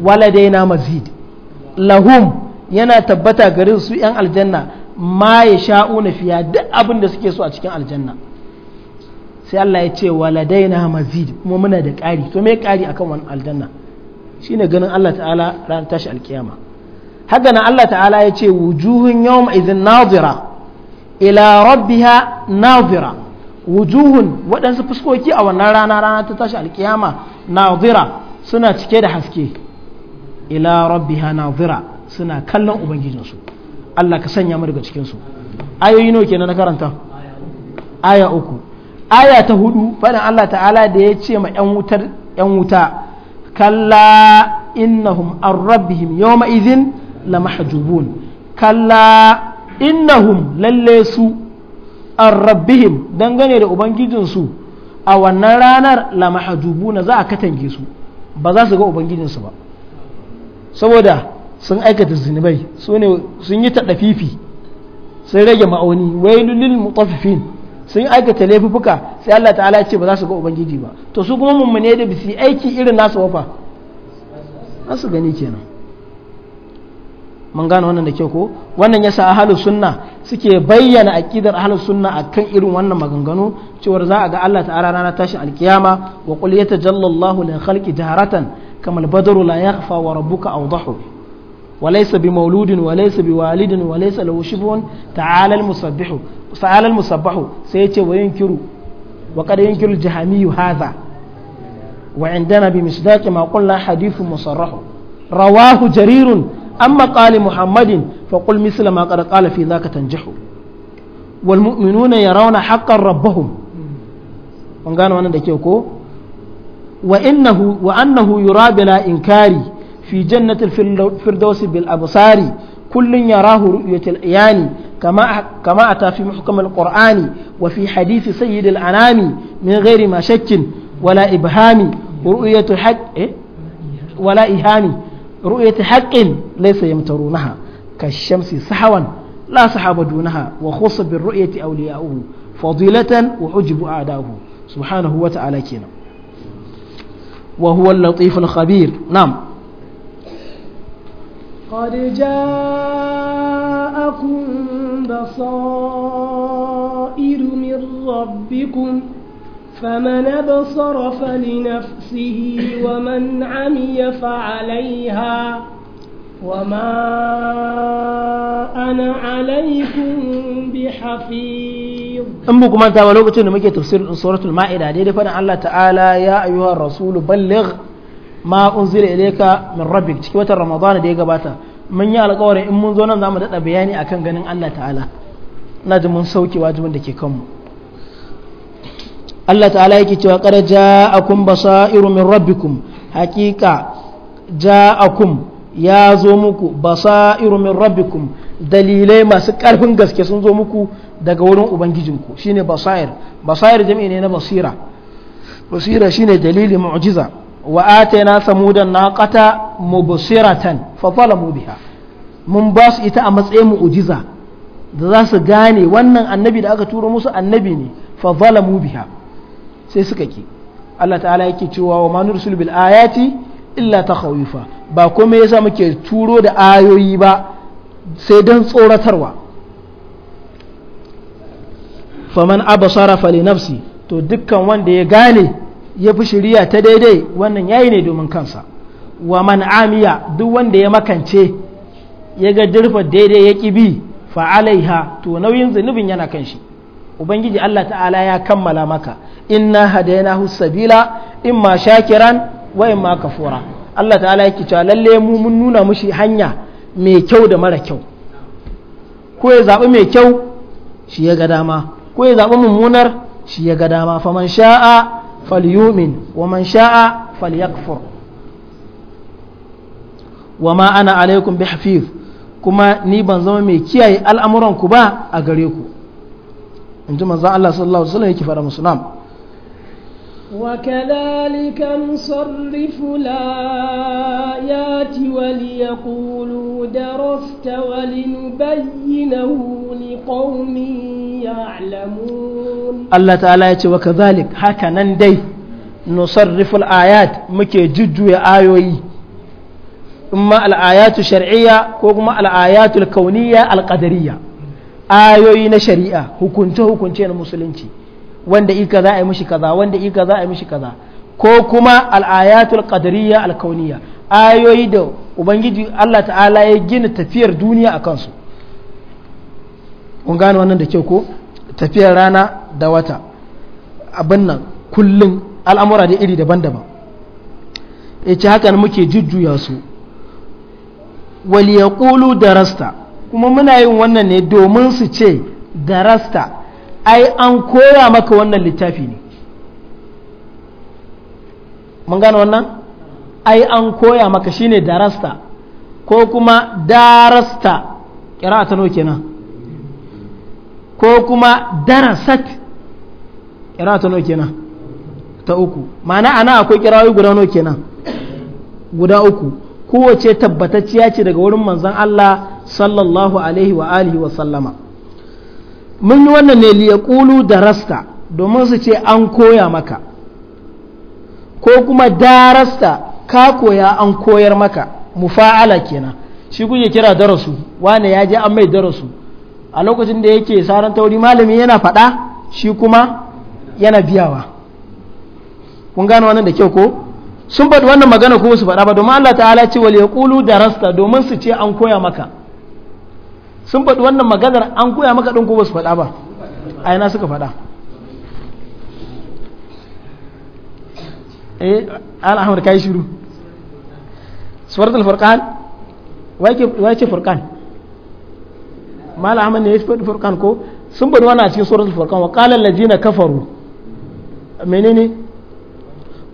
waladaina mazid lahum yana tabbata garin su yan aljanna ma yasha'una fiha duk abin da suke so a cikin aljanna sai Allah ya ce waladaina mazid kuma muna da ƙari to me ƙari akan wannan aljanna shine ganin Allah ta'ala ran tashi alkiyama haka nan Allah ta'ala ya ce wujuhun yawm idhin nazira ila rabbiha nazira wujuhun waɗansu fuskoki a wannan rana rana ta tashi alkiyama nazira suna cike da haske ila rabbiha nazira suna kallon ubangijinsu Allah ka sanya mu daga cikin su ayoyi nawa kenan na karanta aya uku aya ta hudu faɗin Allah ta'ala da ya ce ma 'yan wutar 'yan wuta kalla innahum an rabbihim yawma idhin la mahjubun kalla innahum lalle su an rabbihim dangane da ubangijinsu a wannan ranar la mahjubuna za a katange su ba za su ga ubangijinsu ba saboda sun aikata zunubai sun yi fifi sun rage ma'auni wailulil mutaffifin sun aikata laifuka sai Allah ta'ala ya ce ba za su ga ubangiji ba to su kuma mummune da bisi aiki irin nasu wafa za su gani kenan mun gane wannan da kyau ko wannan yasa ahlus sunna suke bayyana aqidar ahlus sunna akan irin wannan maganganu cewa za a ga Allah ta'ala rana tashin alkiyama wa qul yatajallallahu lil khalqi jaharatan kamal badaru la yakhfa wa rabbuka awdahu وليس بمولود وليس بوالد وليس له شبه تعالى المسبح تعالى المسبح سيتي وينكر وقد ينكر الجهمي هذا وعندنا بمصداق ما قلنا حديث مصرح رواه جرير أما قال محمد فقل مثل ما قد قال في ذاك تنجح والمؤمنون يرون حقا ربهم وانغانو انا دكيوكو وانه وانه يرى بلا انكاري في جنة الفردوس بالأبصار كل يراه رؤية العيان كما كما أتى في محكم القرآن وفي حديث سيد الأنام من غير ما شك ولا إبهام رؤية حق إيه؟ ولا إهام رؤية حق ليس يمترونها كالشمس سحوا لا سحب دونها وخص بالرؤية أولياؤه فضيلة وحجب أعداؤه سبحانه وتعالى كنا وهو اللطيف الخبير نعم قد جاءكم بصائر من ربكم فمن ابصر فلنفسه ومن عمي فعليها وما أنا عليكم بحفيظ أم بكم أنت ولو قلت أنه مجي تفسير سورة المائدة دي فأنا الله تعالى يا أيها الرسول بلغ ma unzila ilayka min rabbik cikin watan ramadan da ya gabata mun yi alƙawarin in mun zo nan zamu dada bayani akan ganin Allah ta'ala na ji mun sauke wajibin da ke kanmu Allah ta'ala yake cewa qad ja'akum basairu min rabbikum haqiqa ja'akum ya zo muku basairu min rabbikum dalilai masu ƙarfin gaske sun zo muku daga wurin ubangijinku shine basair basair jami'i ne na basira basira shine dalili mu'jiza wa atayna samudan naqata mubsiratan fa zalamu biha mun basu ita a matsayin mu'jiza da za su gane wannan annabi da aka turo musu annabi ne fa zalamu biha sai suka ki Allah ta'ala yake cewa wa ma nursul bil ayati illa takhawifa ba kuma yasa muke turo da ayoyi ba sai dan tsoratarwa faman abasara fali nafsi to dukkan wanda ya gane ya fi shiriya ta daidai wannan yayi ne domin kansa wa man amiya duk wanda ya makance ya ga dirfa daidai ya ƙi bi fa'alaiha to nauyin zunubin yana kan shi ubangiji Allah ta'ala ya kammala maka inna hadainahu sabila imma shakiran wa imma kafura Allah ta'ala yake cewa lalle mu mun nuna mushi hanya mai kyau da mara kyau ko ya zaɓi mai kyau shi ya ga dama ko ya zaɓi mummunar shi ya ga dama faman sha'a falyumin wa man sha'a falyakfur wa ma ana alaikum bi hafiz kuma ni ban zama mai kiyaye al'amuranku ba a gare ku in ji manzan Allah sallallahu alaihi wasallam yake faɗa musulman وكذلك نصرف الآيات وليقولوا درست ولنبينه لقوم يعلمون الله تعالى يقول وكذلك هكا نندي نصرف الآيات مكي يا آيوي إما الآيات الشرعية وإما الآيات الكونية القدرية آيوي نشريئة هكونته هكونتين مسلمتي wanda i kaza ai mishi kaza wanda i kaza ai mishi kaza ko kuma al'ayatul qadariyya al-kauniyya ayoyi da ubangiji Allah ta'ala ya gina tafiyar duniya a kansu kun gane wannan da kyau ko tafiyar rana da wata abin nan kullum al'amura da iri daban-daban ya ce hakan muke jujjuya su wal da rasta kuma muna yin wannan ne domin su ce darasta ai an koya maka wannan littafi ne mun gane wannan ai an koya maka shine darasta ko kuma darasta kira ta no kenan ko kuma darasat kira ta no kenan ta uku ma'ana ana akwai kirawoyi guda no kenan guda uku kowace tabbatacciya ce daga wurin manzon Allah sallallahu alaihi wa alihi wa sallama mun yi wannan ne da rasta domin su ce an koya maka ko kuma darasta ka koya an koyar maka mufa'ala kenan shi kuke kira darasu wane ya je an mai darasu a lokacin da yake saran tauri malami yana faɗa shi kuma yana biyawa kun gano wannan da kyau ko sun faɗi wannan magana ko su faɗa ba domin Allah ta'ala ce wal da rasta domin su ce an koya maka sun faɗi wannan maganar an koya maka ɗin ko ba su faɗa ba a yana suka faɗa eh alhamdu kai shiru suratul furqan wai ce furqan mala ahmad ne ya faɗi furqan ko sun faɗi wannan a cikin suratul furqan wa qala allazina kafaru menene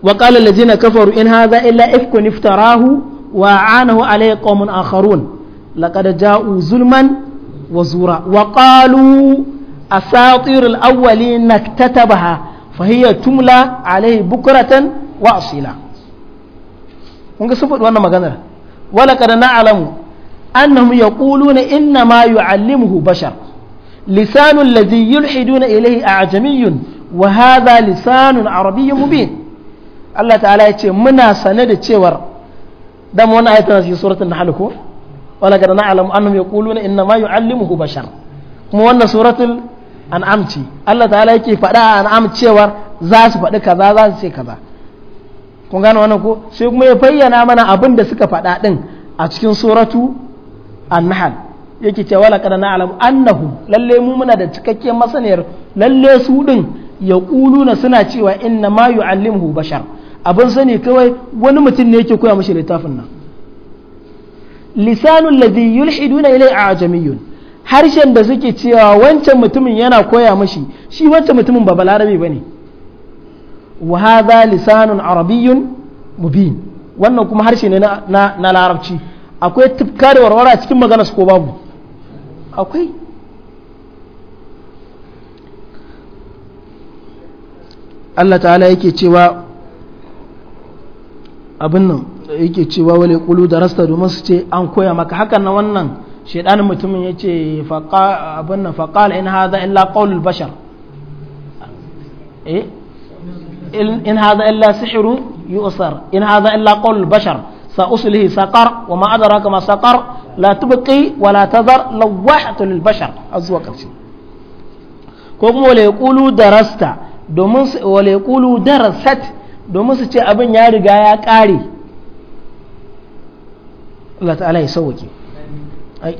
wa qala allazina kafaru in hadha illa ifkun iftarahu wa anahu alayhi qaumun akharun laqad ja'u zulman wa zura wa qalu asatir al-awwalin naktatabaha fa hiya tumla alayhi bukratan wa asila kun ga sun faɗi wannan maganar wala qad na'lamu annahum yaquluna inna ma yu'allimuhu bashar lisanu alladhi yulhiduna ilayhi a'jamiyyun wa hadha lisanun arabiyyun mubin Allah ta'ala ya ce muna sane da cewar dama wannan ayatul cikin suratul nahl ko wala gada na'lamu annahum yaquluna inna ma yu'allimuhu bashar kuma wannan suratul an'am ce Allah ta'ala yake faɗa a an'am cewar za su faɗi kaza za su ce kaza kun gane wannan ko sai kuma ya bayyana mana abin da suka faɗa din a cikin suratu an-nahl yake cewa wala kada na'lam annahum lalle mu muna da cikakken masaniyar lalle su din yaquluna suna cewa inna ma yu'allimuhu bashar abin sani kawai wani mutum ne yake koya mashi littafin nan lisanun ladhi yulhiduna ilai ajamiyun harshen da suke cewa wancan mutumin yana koya mashi shi wancan mutumin ba balarabe bane wa hadha lisanun arabiyyun mubin wannan kuma harshe ne na larabci akwai tufka warwara cikin magana su ko babu akwai Allah ta'ala yake cewa abin nan yake cewa wale kulu da rasta domin su ce an koya maka hakan na wannan shaidanin mutumin ya ce abin nan faƙal in haza illa ƙaunul bashar eh? in haza illa sihiru yi usar in haza illa ƙaunul bashar sa usulihi saƙar wa ma ma'adara kama saƙar la tubqi wa la tazar lawahatun lil bashar a zuwa ƙarshe ko kuma wale kulu da rasta domin wale kulu darasat domin su ce abin ya riga ya ƙare Allah ta'ala ya sauke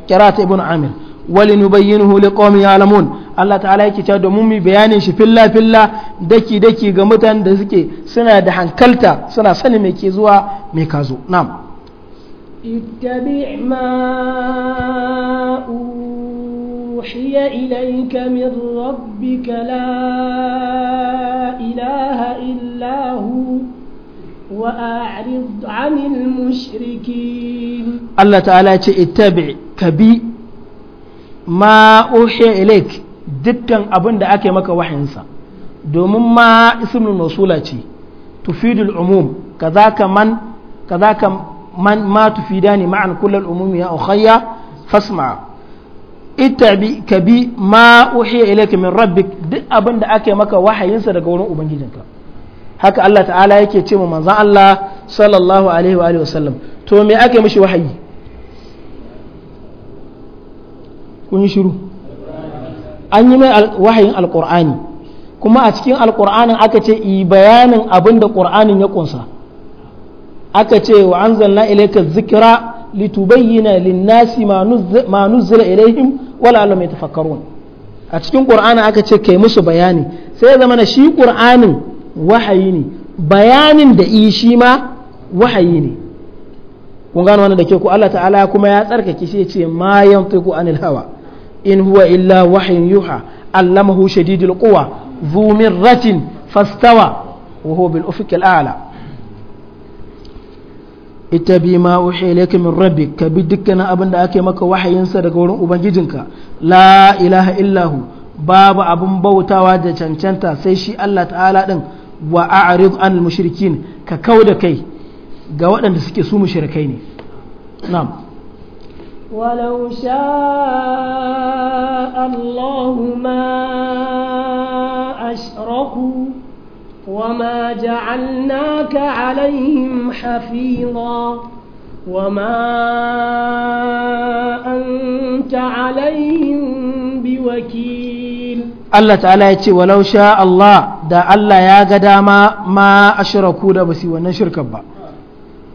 qira'at ibn amir wali nubayyinuhu liqaumin ya'lamun Allah ta'ala yake cewa domin mu bayanin shi filla filla daki daki ga mutanen da suke suna da hankalta suna sanin me ke zuwa me ka zo na'am ittabi' ma أوحي إليك من ربك لا إله إلا هو وأعرض عن المشركين الله تعالى اتبع كبي ما أوحي إليك دكا أبن دعك مك وحنسا دوم ما اسم الموصولة تفيد العموم كذاك من كذاك من ما تفيدان معا كل الأموم يا أخي فاسمع اتبع كبي ما أوحي إليك من ربك دك أبن دعك مك وحنسا دقون أبن جنك haka Allah ta'ala yake ce ma manzan Allah sallallahu alaihi wa sallam to me aka mishi wahayi kun yi shiru an yi mai wahayin alkur'ani kuma a cikin alkur'anin aka ce i bayanin abin da ƙur'anin ya kunsa aka ce wa anzalna ilayka zikra litubayyana lin-nasi ma nuzila ilaihim wala alam yatafakkarun a cikin ƙur'ani aka ce kai musu bayani sai ya zama na shi ƙur'anin wahayi ne bayanin da yi shi ma wahayi ne kun gano da ke ku Allah ta'ala kuma ya tsarkake shi ce ma yantiqu anil hawa in huwa illa wahyin yuha allamahu shadidul quwa dhu mirratin fastawa wa huwa bil ufuqil a'la ittabi ma uhiya ilayka min rabbik ka bi dukkan abin da ake maka wahayinsa daga wurin ubangijinka la ilaha illahu babu abin bautawa da cancanta sai shi Allah ta'ala din wa a'rid an mushrikin ka kau da kai ga waɗanda suke su mushrikai ne na'am ولو شاء الله ما أشركوا وما جعلناك عليهم حفيظا وما أنت عليهم بوكيل الله تعالى يتي ولو شاء الله da Allah ya ga dama ma ashraku da basi wannan shirkar ba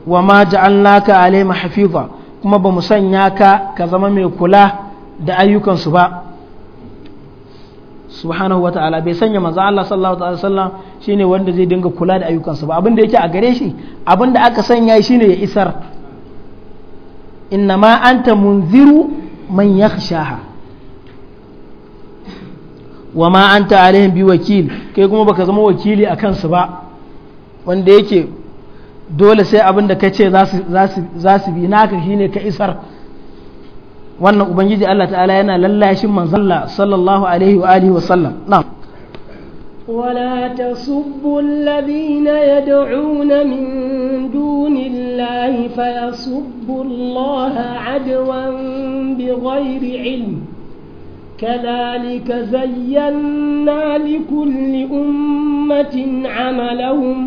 wa ma ka alaihim hafiza kuma ba mu sanya ka ka zama mai kula da ayyukansu ba subhanahu wata'ala bai sanya manzo Allah sallallahu alaihi wasallam shine wanda zai dinga kula da ayyukansu ba abin da yake a gare shi abin da aka sanya shine ya isar inna ma anta munziru man yakhshaha wa ma anta alaihim bi wakil kai kuma baka zama wakili a kansu ba wanda yake dole sai abin da ka ce za su bi naka shine ka isar wannan ubangiji Allah ta'ala yana lallashin manzalla sallallahu alaihi wa alihi wa sallam na'am ولا تسبوا الذين يدعون من دون الله فيسبوا الله عدوا بغير علم كذلك زينا لكل أمة عملهم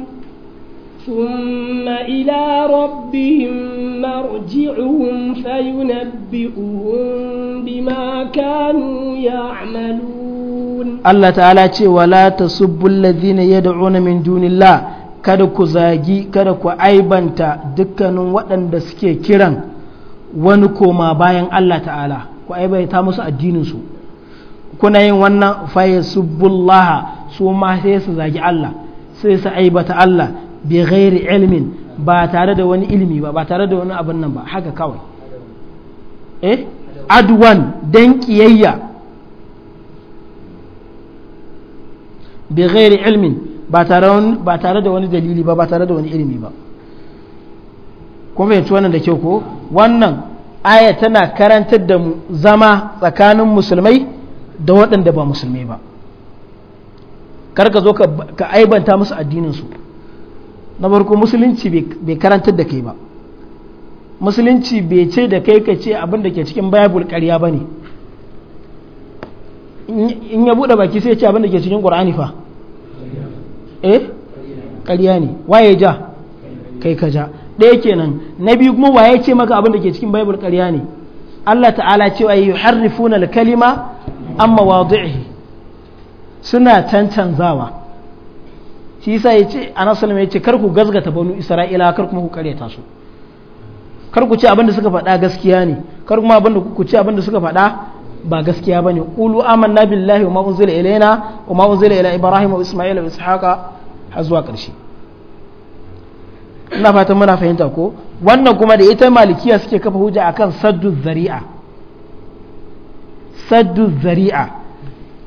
ثم إلى ربهم مرجعهم فينبئهم بما كانوا يعملون الله تعالى ولا تسبوا الذين يدعون من دون الله kada ku zagi kada ku aibanta dukkanin waɗanda suke kiran wani koma bayan Allah ta'ala ku aibanta musu addininsu kuna yin wannan faye subbullaha su ma sai su zagi Allah sai su aibata Allah bi ghairi ilmin ba tare da wani ilimi ba ba tare da wani abin nan ba haka kawai eh adwan dan kiyayya bi ghairi ilmin ba tare ba tare da wani dalili ba ba tare da wani ilimi ba kuma fahimci wannan da kyau ko wannan aya tana karantar da mu zama tsakanin musulmai da waɗanda ba musulmi ba kar ka zo ka aibanta musu addininsu na farko musulunci bai karantar da kai ba musulunci bai ce da kai ka ce abin da ke cikin bible karya ba ne in ya buɗe baki sai ya ce abin da ke cikin ƙur'ani fa eh ƙarya ne waye ja kai ka ja ɗaya kenan na biyu kuma waye ce maka abin da ke cikin bible ƙarya ne Allah ta'ala cewa yi harrifuna kalima amma wadi'ihi suna cancanzawa shi yasa yace Anas sallallahu alaihi kar ku gazgata banu Isra'ila kar kuma ku kareta su kar ku ce abin da suka faɗa gaskiya ne kar kuma abinda ku ce abin da suka faɗa ba gaskiya bane qulu amanna billahi wa ma unzila ilaina wa ma unzila ila ibrahim wa isma'il wa ishaqa har zuwa ƙarshe ina fatan muna fahimta ko wannan kuma da ita malikiya suke kafa hujja akan saddu zari'a saddu zari'a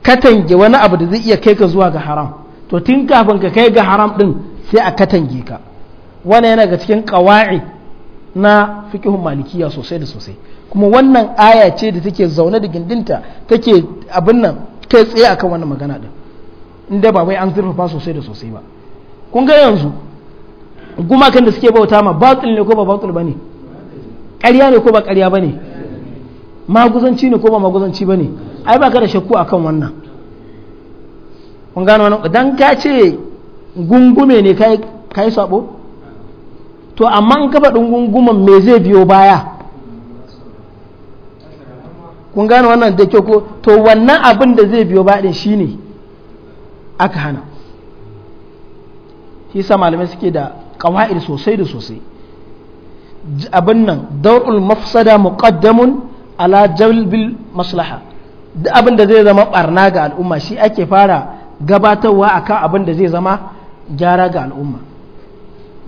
katange wani abu da zai iya kai ka zuwa ga haram to tun kafin ka kai ga haram din sai a katange ka wannan yana ga cikin qawa'i na fiqhun malikiya sosai da sosai kuma wannan aya ce da take zaune da gindinta take abin nan kai tsaye akan wannan magana din inda ba wai an zurfafa sosai da sosai ba kun ga yanzu gumakan da suke bauta ma batil ne ko ba batil bane ƙarya ne ko ba ƙarya bane maguzanci ne ko ba maguzanci ba ne ai ba ka da shakku akan wannan kun gano wannan dan ka ce gungume ne ka yi sabo to amma in ka faɗin gunguman me zai biyo baya kun gano wannan da kyau ko to wannan abin da zai biyo baya shi ne aka hana shi sa malamai suke da ƙawa'ir sosai da sosai abin nan daurul mafsada muqaddamun ala jalbil maslaha duk abin da zai zama barna ga al'umma shi ake fara gabatarwa akan abin da zai zama gyara ga al'umma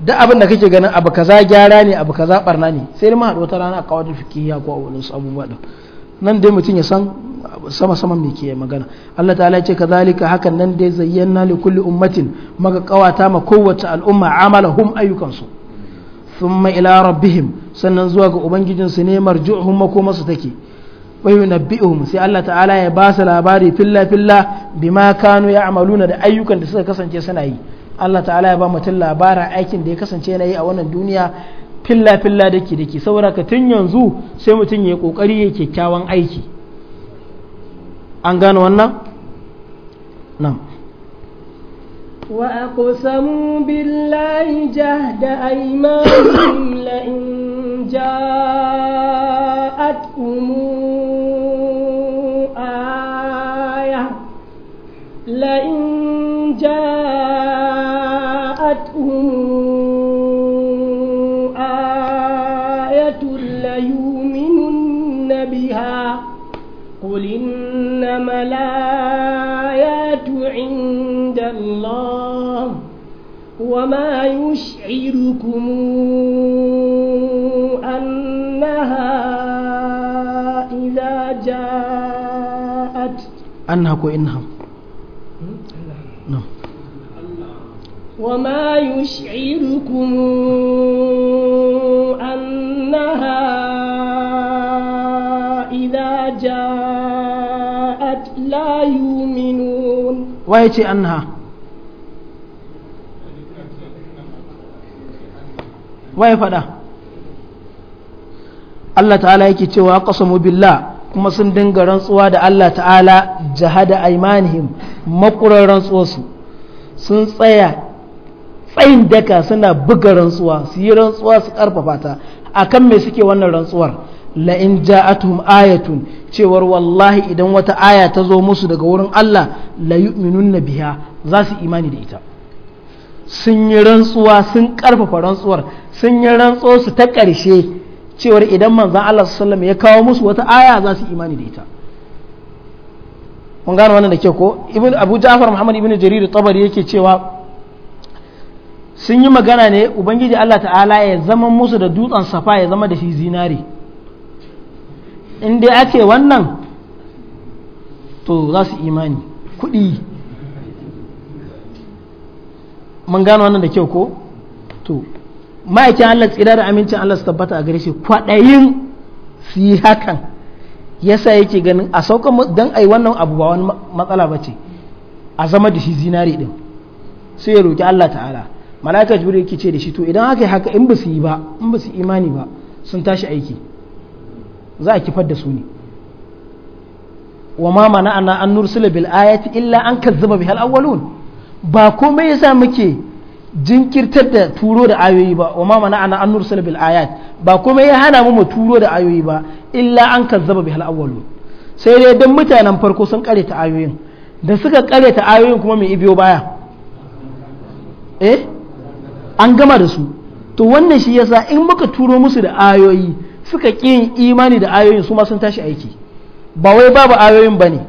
duk abin da kake ganin abu kaza gyara ne abu kaza barna ne sai ma haɗu wata rana a kawo da fikiyya ko a wani abubuwa ɗin nan dai mutum ya san sama sama me ke magana Allah ta'ala ya ce kazalika hakan nan dai zayyana li kulli ummatin maka kawata ma kowace al'umma amalahum ayyukansu thumma ila rabbihim sannan zuwa ga ubangijinsu ne marju'uhum makoma su take wa yunabbi'uhum sai Allah ta'ala ya ba su labari filla filla bima kanu ya'maluna da ayyukan da suka kasance suna yi Allah ta'ala ya ba mutum labarin aikin da ya kasance yana yi a wannan duniya filla filla dake dake saboda ka tun yanzu sai mutum ya kokari ya kyakkyawan aiki an gano wannan nan وأقسموا بالله جهد أيمانهم لئن جاءتهم آية لئن جاءتهم آية ليؤمنن بها قل إن ربكم أنها إذا جاءت أنها إنها نعم وما يشعركم أنها إذا جاءت لا يؤمنون ويتي أنها waye faɗa Allah ta'ala yake cewa qasamu billah kuma sun dinga rantsuwa da Allah ta'ala jahada aymanihim makurar rantsuwarsu sun tsaya tsayin daka suna buga rantsuwa su yi rantsuwa su karfafa ta akan me suke wannan rantsuwar la in ja'atuhum ayatun cewar wallahi idan wata aya ta zo musu daga wurin Allah la yu'minunna biha za su imani da ita sun yi rantsuwa sun karfafa rantsuwar sun yi rantsuwa su ta ƙarshe cewar idan manzan Allah sallam ya kawo musu wata aya za su imani da ita kun gano wannan da ke ko ibn abu ja'far muhammad ibn jarir tabari yake cewa sun yi magana ne ubangiji Allah ta'ala ya zama musu da dutsen safa ya zama da shi zinare in dai ake wannan to za su imani kuɗi mun gano wannan da kyau ko to ma'aikin Allah tsira da amincin Allah su tabbata a gare shi kwaɗayin su yi hakan yasa yake ganin a saukan dan ai wannan abu ba wani matsala ba ce a zama da shi zinare din sai ya roki Allah ta'ala mala'ika jibril yake ce da shi to idan aka yi haka in ba su yi ba in ba su imani ba sun tashi aiki za a kifar da su ne wa ma mana an nursila bil ayati illa an kazzaba bihal awwalun ba komai sa muke jinkirtar da turo da ayoyi ba wa ma mana ana an nursala bil ayat ba komai ya hana mu turo da ayoyi ba illa an kazzaba bihal awwalu sai dai dan mutanen farko sun kare ta ayoyin da suka kare ta ayoyin kuma mai ibiyo baya eh an gama da su to wannan shi yasa in muka turo musu da ayoyi suka ƙi imani da ayoyin su ma sun tashi aiki ba wai babu ayoyin bane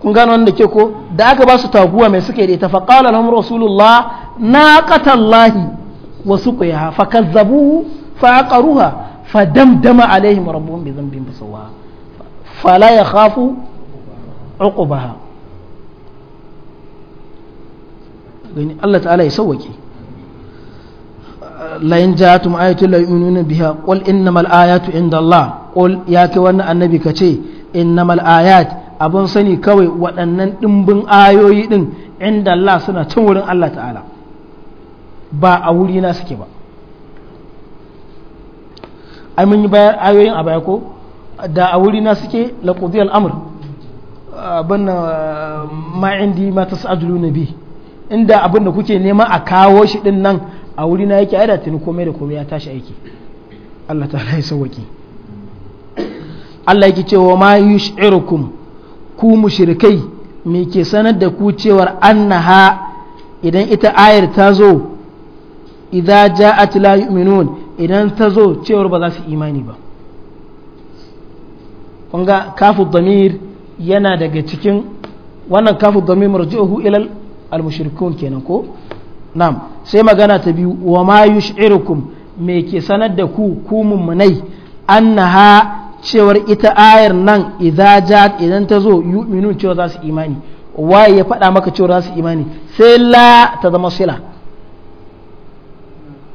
kun gano wanda ke ko da aka ba su taguwa mai suke da ita fa qala lahum rasulullah naqatallahi wa suqiha fa kazzabuhu fa aqaruha fa damdama alaihim rabbuhum bi dhanbihim fasawaha fala yakhafu uqbaha gani Allah ta'ala ya sauwake layin ja'atum la yu'minuna biha qul innamal ayatu indallah qul ya ke wannan annabi kace innamal ayat abun sani kawai waɗannan ɗimbin ayoyi ɗin inda Allah suna cin wurin Allah ta'ala ba a wuri na suke ba ai mun yi bayar ayoyin a baya ko da a wuri na suke laƙuzi al'amur abin na ma'indi ma ta sa'adulu bi inda abin da kuke nema a kawo shi ɗin nan a wuri na yake ai da tuni komai da komai ya tashi aiki Allah ta'ala ya sauwaƙi Allah yake cewa ma yush'irukum ku mushrikai me ke sanar da ku cewar annaha idan ita ayar ta zo idza ja'at la yu'minun idan ta zo cewar ba za su imani ba kunga kafu damir yana daga cikin wannan kafu damir marji'uhu ilal al-mushrikun kenan ko na'am sai magana ta biyu wa ma yush'irukum me ke sanar da ku ku mummunai annaha cewar ita ayar nan idan ta zo yu'minu cewa za su imani waye ya faɗa maka cewa za su imani sai la ta zama sila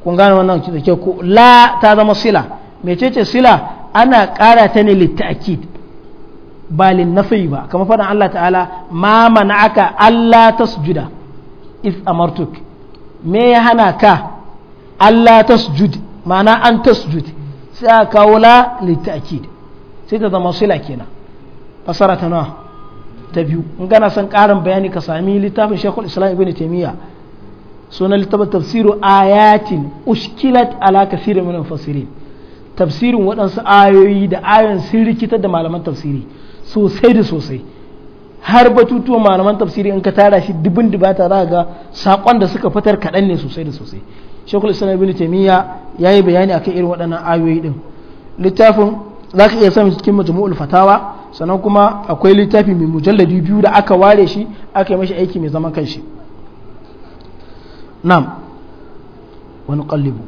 kun gane wannan da ke ku la ta zama sila mecece sila ana ƙara ta ne litta'akid ba lin nafi ba kamar faɗin Allah ta'ala ma mana'aka Allah tasjuda if amartuk me ya hana ka Allah tasjud ma'ana an tasjud sai a kawo la sai ta zama sila kenan fasara ta nawa ta biyu in kana son karin bayani ka sami littafin shekul islam ibn taimiyya sunan littafin tafsiru ayatin ushkilat ala kasirin min fasirin tafsirin waɗansu ayoyi da ayon sun rikitar da malaman tafsiri sosai da sosai har batutuwan malaman tafsiri in ka tara shi dubin dubata za ga saƙon da suka fitar kaɗan ne sosai da sosai shekul islam ibn taimiyya ya yi bayani akan irin waɗannan ayoyi ɗin littafin za ka iya samun cikin majmu'ul fatawa sannan kuma akwai littafi mai mujalladi biyu da aka ware shi aka yi mashi aiki mai zaman kanshi na'am wani kallibu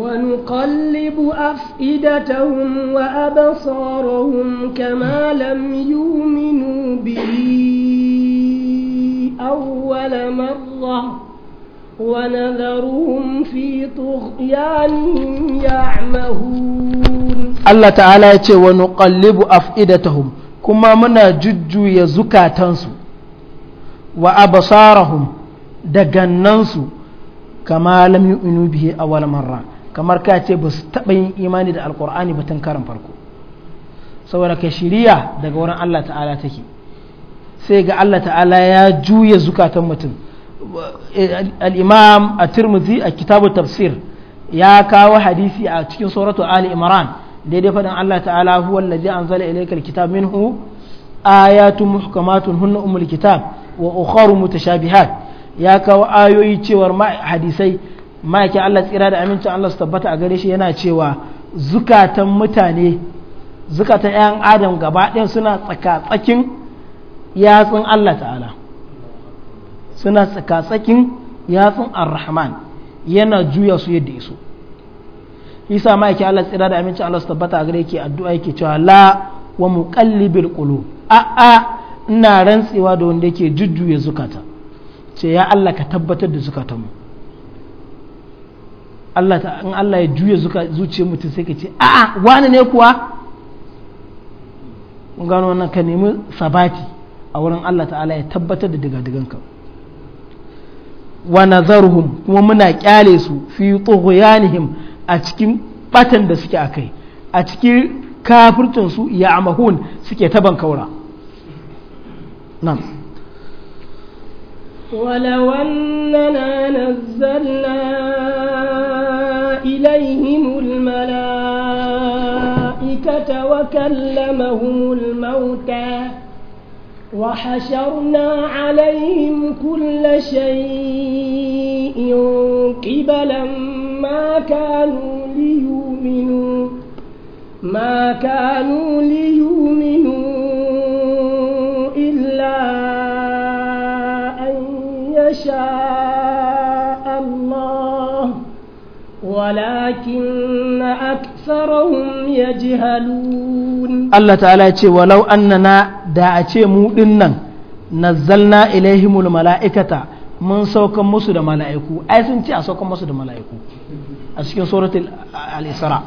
ونقلب أفئدتهم وأبصارهم كما لم يؤمنوا به أول مرة ونذرهم في طغيانهم يعمهون Allah ta'ala ya ce wa nuqallibu af'idatahum kuma muna jujjuya zukatansu wa absarahum da gannansu kama lam yu'minu bihi awwal marra kamar ka ce ba su taɓa yin imani da alkur'ani ba tun karin farko saboda ka shirya daga wurin Allah ta'ala take sai ga Allah ta'ala ya juya zukatan mutum al-imam at-tirmidhi a kitabu tafsir ya kawo hadisi a cikin suratu ali imran daidai faɗin Allah ta'ala huwa allazi anzala ilayka alkitab minhu ayatun muhkamatun hunna umul kitab wa ukharu mutashabihat ya kawo ayoyi cewar hadisai yake Allah tsira da amincin Allah su tabbata a gare shi yana cewa zukatan mutane zukatan 'yan adam gaba ɗaya suna tsakatsakin yatsun Allah ta'ala suna tsakatsakin yatsun ar-rahman yana juya su yadda iso isa ma yake Allah tsira da aminci Allah su tabbata a gare yake addu'a yake cewa la wa muqallibil qulub a a ina rantsewa da wanda yake jujjuya zukata ce ya Allah ka tabbatar da zukatan mu Allah ta in Allah ya juya zuciyar mutum sai ka ce a a wani ne kuwa mun gano wannan ka nemi sabati a wurin Allah ta'ala ya tabbatar da ka wa nazaruhum kuma muna kyale su fi tughyanihim a cikin batan da suke a kai a cikin kafircinsu ya amahun suke taban kaura nan ولو أننا نزلنا إليهم الملائكة وكلمهم الموتى وحشرنا عليهم كل شيء قبلا ما كانوا ليؤمنوا ما كانوا ليؤمنوا ولكن أكثرهم يجهلون الله تعالى يقول ولو أننا دعتي مؤلنا نزلنا إليهم الملائكة من سوك مسود ملائكو أي سنتي أسوك مسود ملائكو أسكن سورة الإسراء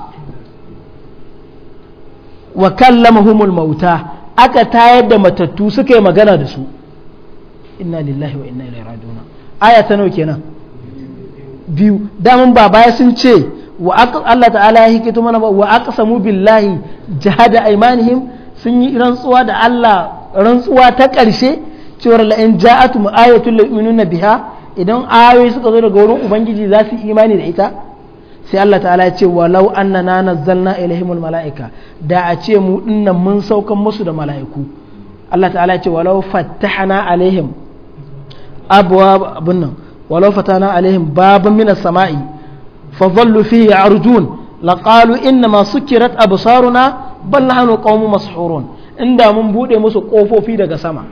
وكلمهم الموتى aka tayar da matattu suka yi magana da su inna lillahi wa inna ilaihi raji'un aya ta nawa kenan biyu daman ba baya sun ce wa Allah ta'ala ya hikito mana ba wa aqsamu billahi jahada aymanihim sun yi rantsuwa da Allah rantsuwa ta karshe cewar la in ja'atum ayatul la biha idan ayoyi suka zo daga wurin ubangiji za su imani da ita sai Allah ta'ala ya ce walau annana nazzalna ilaihimul mala'ika da a ce mu dinnan mun saukan musu da mala'iku Allah ta'ala ya ce walau fattahna alaihim abwa abun ولو فتحنا عليهم بابا من السماء فظلوا فيه يعرجون لقالوا إنما سكرت أبصارنا بل masu قوم in da mun bude musu kofofi daga sama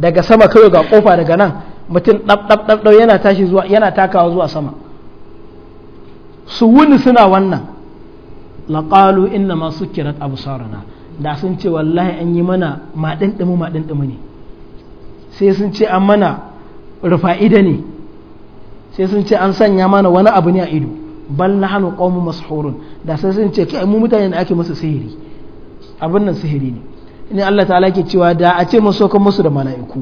daga sama kawai ga kofa daga nan mutum dab dab dab yana tashi yana takawa zuwa sama su wuni suna wannan laqalu inna ma sukirat absaruna da sun ce wallahi an yi mana madin dimu madin dimu ne sai sun ce an mana rufa'ida ne sai sun ce an sanya mana wani abu ne a ido bal na hannu masu horon da sai sun ce kai mu mutane da ake masa sihiri abin nan sihiri ne ne Allah ta'ala ke cewa da a ce masu kan musu da mala'iku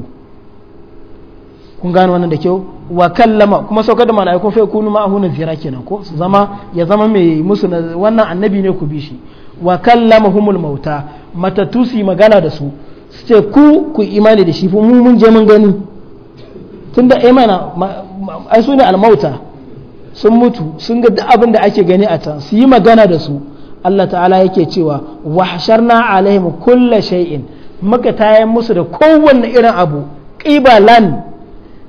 kun gano wannan da kyau wa kallama kuma saukar da mala'iku fa kunu ma ahuna zira kenan ko su zama ya zama mai musu wannan annabi ne ku bi shi wa kallama humul mauta mata tusi magana da su su ce ku ku imani da shi mu mun je mun gani tunda imana eh, ai su ne almauta sun mutu sun ga abin da ake gani a can su yi magana da su Allah ta'ala yake cewa wahsharna alaihim kulla shay'in muka tayan musu da kowanne irin abu qibalan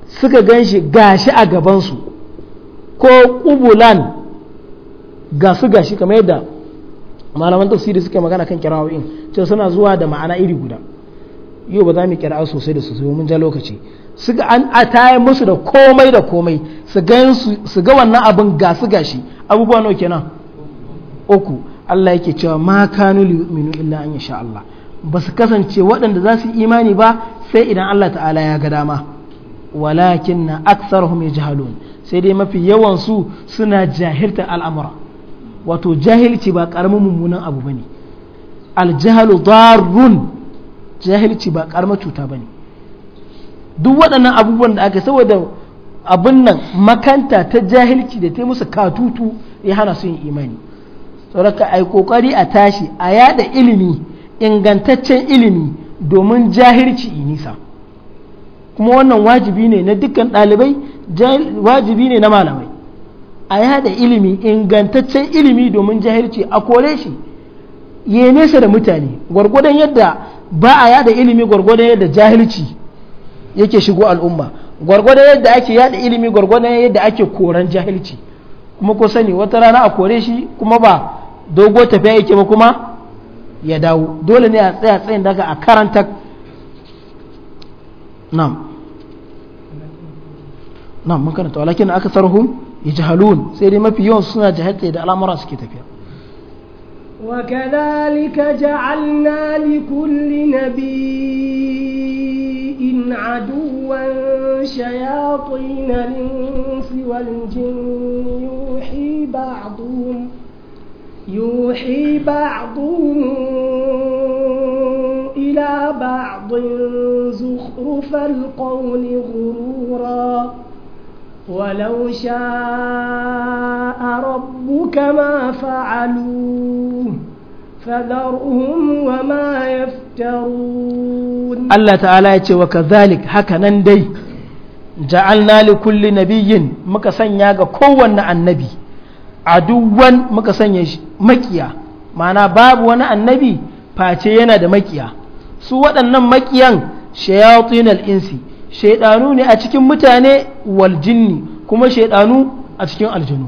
suka ganshi gashi a gaban su ko qubulan ga su gashi kamar yadda malaman tafsiri suke magana kan kira'o'in cewa suna zuwa da ma'ana iri guda yau ba za mu kira sosai da sosai mun ja lokaci su ga an ataye musu da komai da komai su ga wannan abin ga su gashi abubuwa nawa kenan uku Allah yake cewa ma kanu yu'minu illa an yasha Allah ba su kasance waɗanda za su imani ba sai idan Allah ta'ala ya ga dama walakin na aksarhum yajhalun sai dai mafi yawan su suna jahilta al'amura wato jahilci ba karamin mummunan abu bane al jahlu darrun jahilci ba karamin cuta bane duk waɗannan abubuwan da aka saboda abin nan makanta ta jahilci da ta yi musu katutu ya hana su yin imani sauraka yi kokari a tashi a yada ilimi ingantaccen ilimi domin jahilci nisa kuma wannan wajibi ne na dukkan ɗalibai wajibi ne na malamai a yada ilimi ingantaccen ilimi domin jahilci a kore shi ya nesa da mutane gwargwadon yadda ba a yada ilimi gwargwadon yadda jahilci yake shigo al'umma gwargwadon yadda ake yada ilimi gwargwadon yadda ake koran jahilci kuma ko sani wata rana a kore shi kuma ba dogo tafiya yake ba kuma ya dawo dole ne a tsaya tsayin daga a karanta nam nam mun karanta walakin aka sarhum yajhalun sai dai mafi yawan suna jahilta da al'amura suke tafiya wa وكذلك جعلنا لكل نبي عدوا شياطين الإنس والجن يوحي بعضهم يوحي بعضهم إلى بعض زخرف القول غرورا ولو شاء ربك ما فعلوه Allah ta'ala ya ce wa ka zalik haka nan dai, ja’al na likulli na biyin muka sanya ga kowane annabi, a duk wani muka sanya makiya, mana babu wani annabi face yana da makiya, su waɗannan makiyan shayatu insi, al’insi, shaiɗanu ne a cikin mutane wal jinni kuma shaiɗanu a cikin aljanu.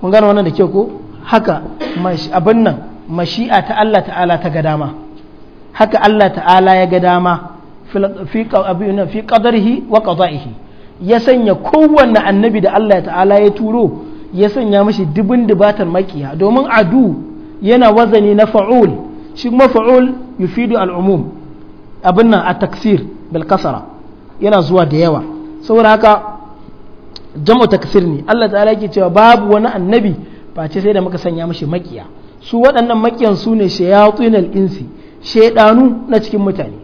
Mun gano wannan da ke ko. haka abin nan mashi'a ta Allah ta'ala ta ga dama haka Allah ta'ala ya ga dama fi ƙadarhi wa qada'ihi ya sanya kowanne annabi da Allah ta'ala ya turo ya sanya mashi dubin dubatar makiya domin adu yana wazani na fa'ul shi kuma fa'ul yufidu al'umum abin nan a taksir bil yana zuwa da yawa saboda haka jam'u taksir ne Allah ta'ala yake cewa babu wani annabi face sai da muka sanya mashi makiya su waɗannan makiyan su ne shayatunan insi shaidanu na cikin mutane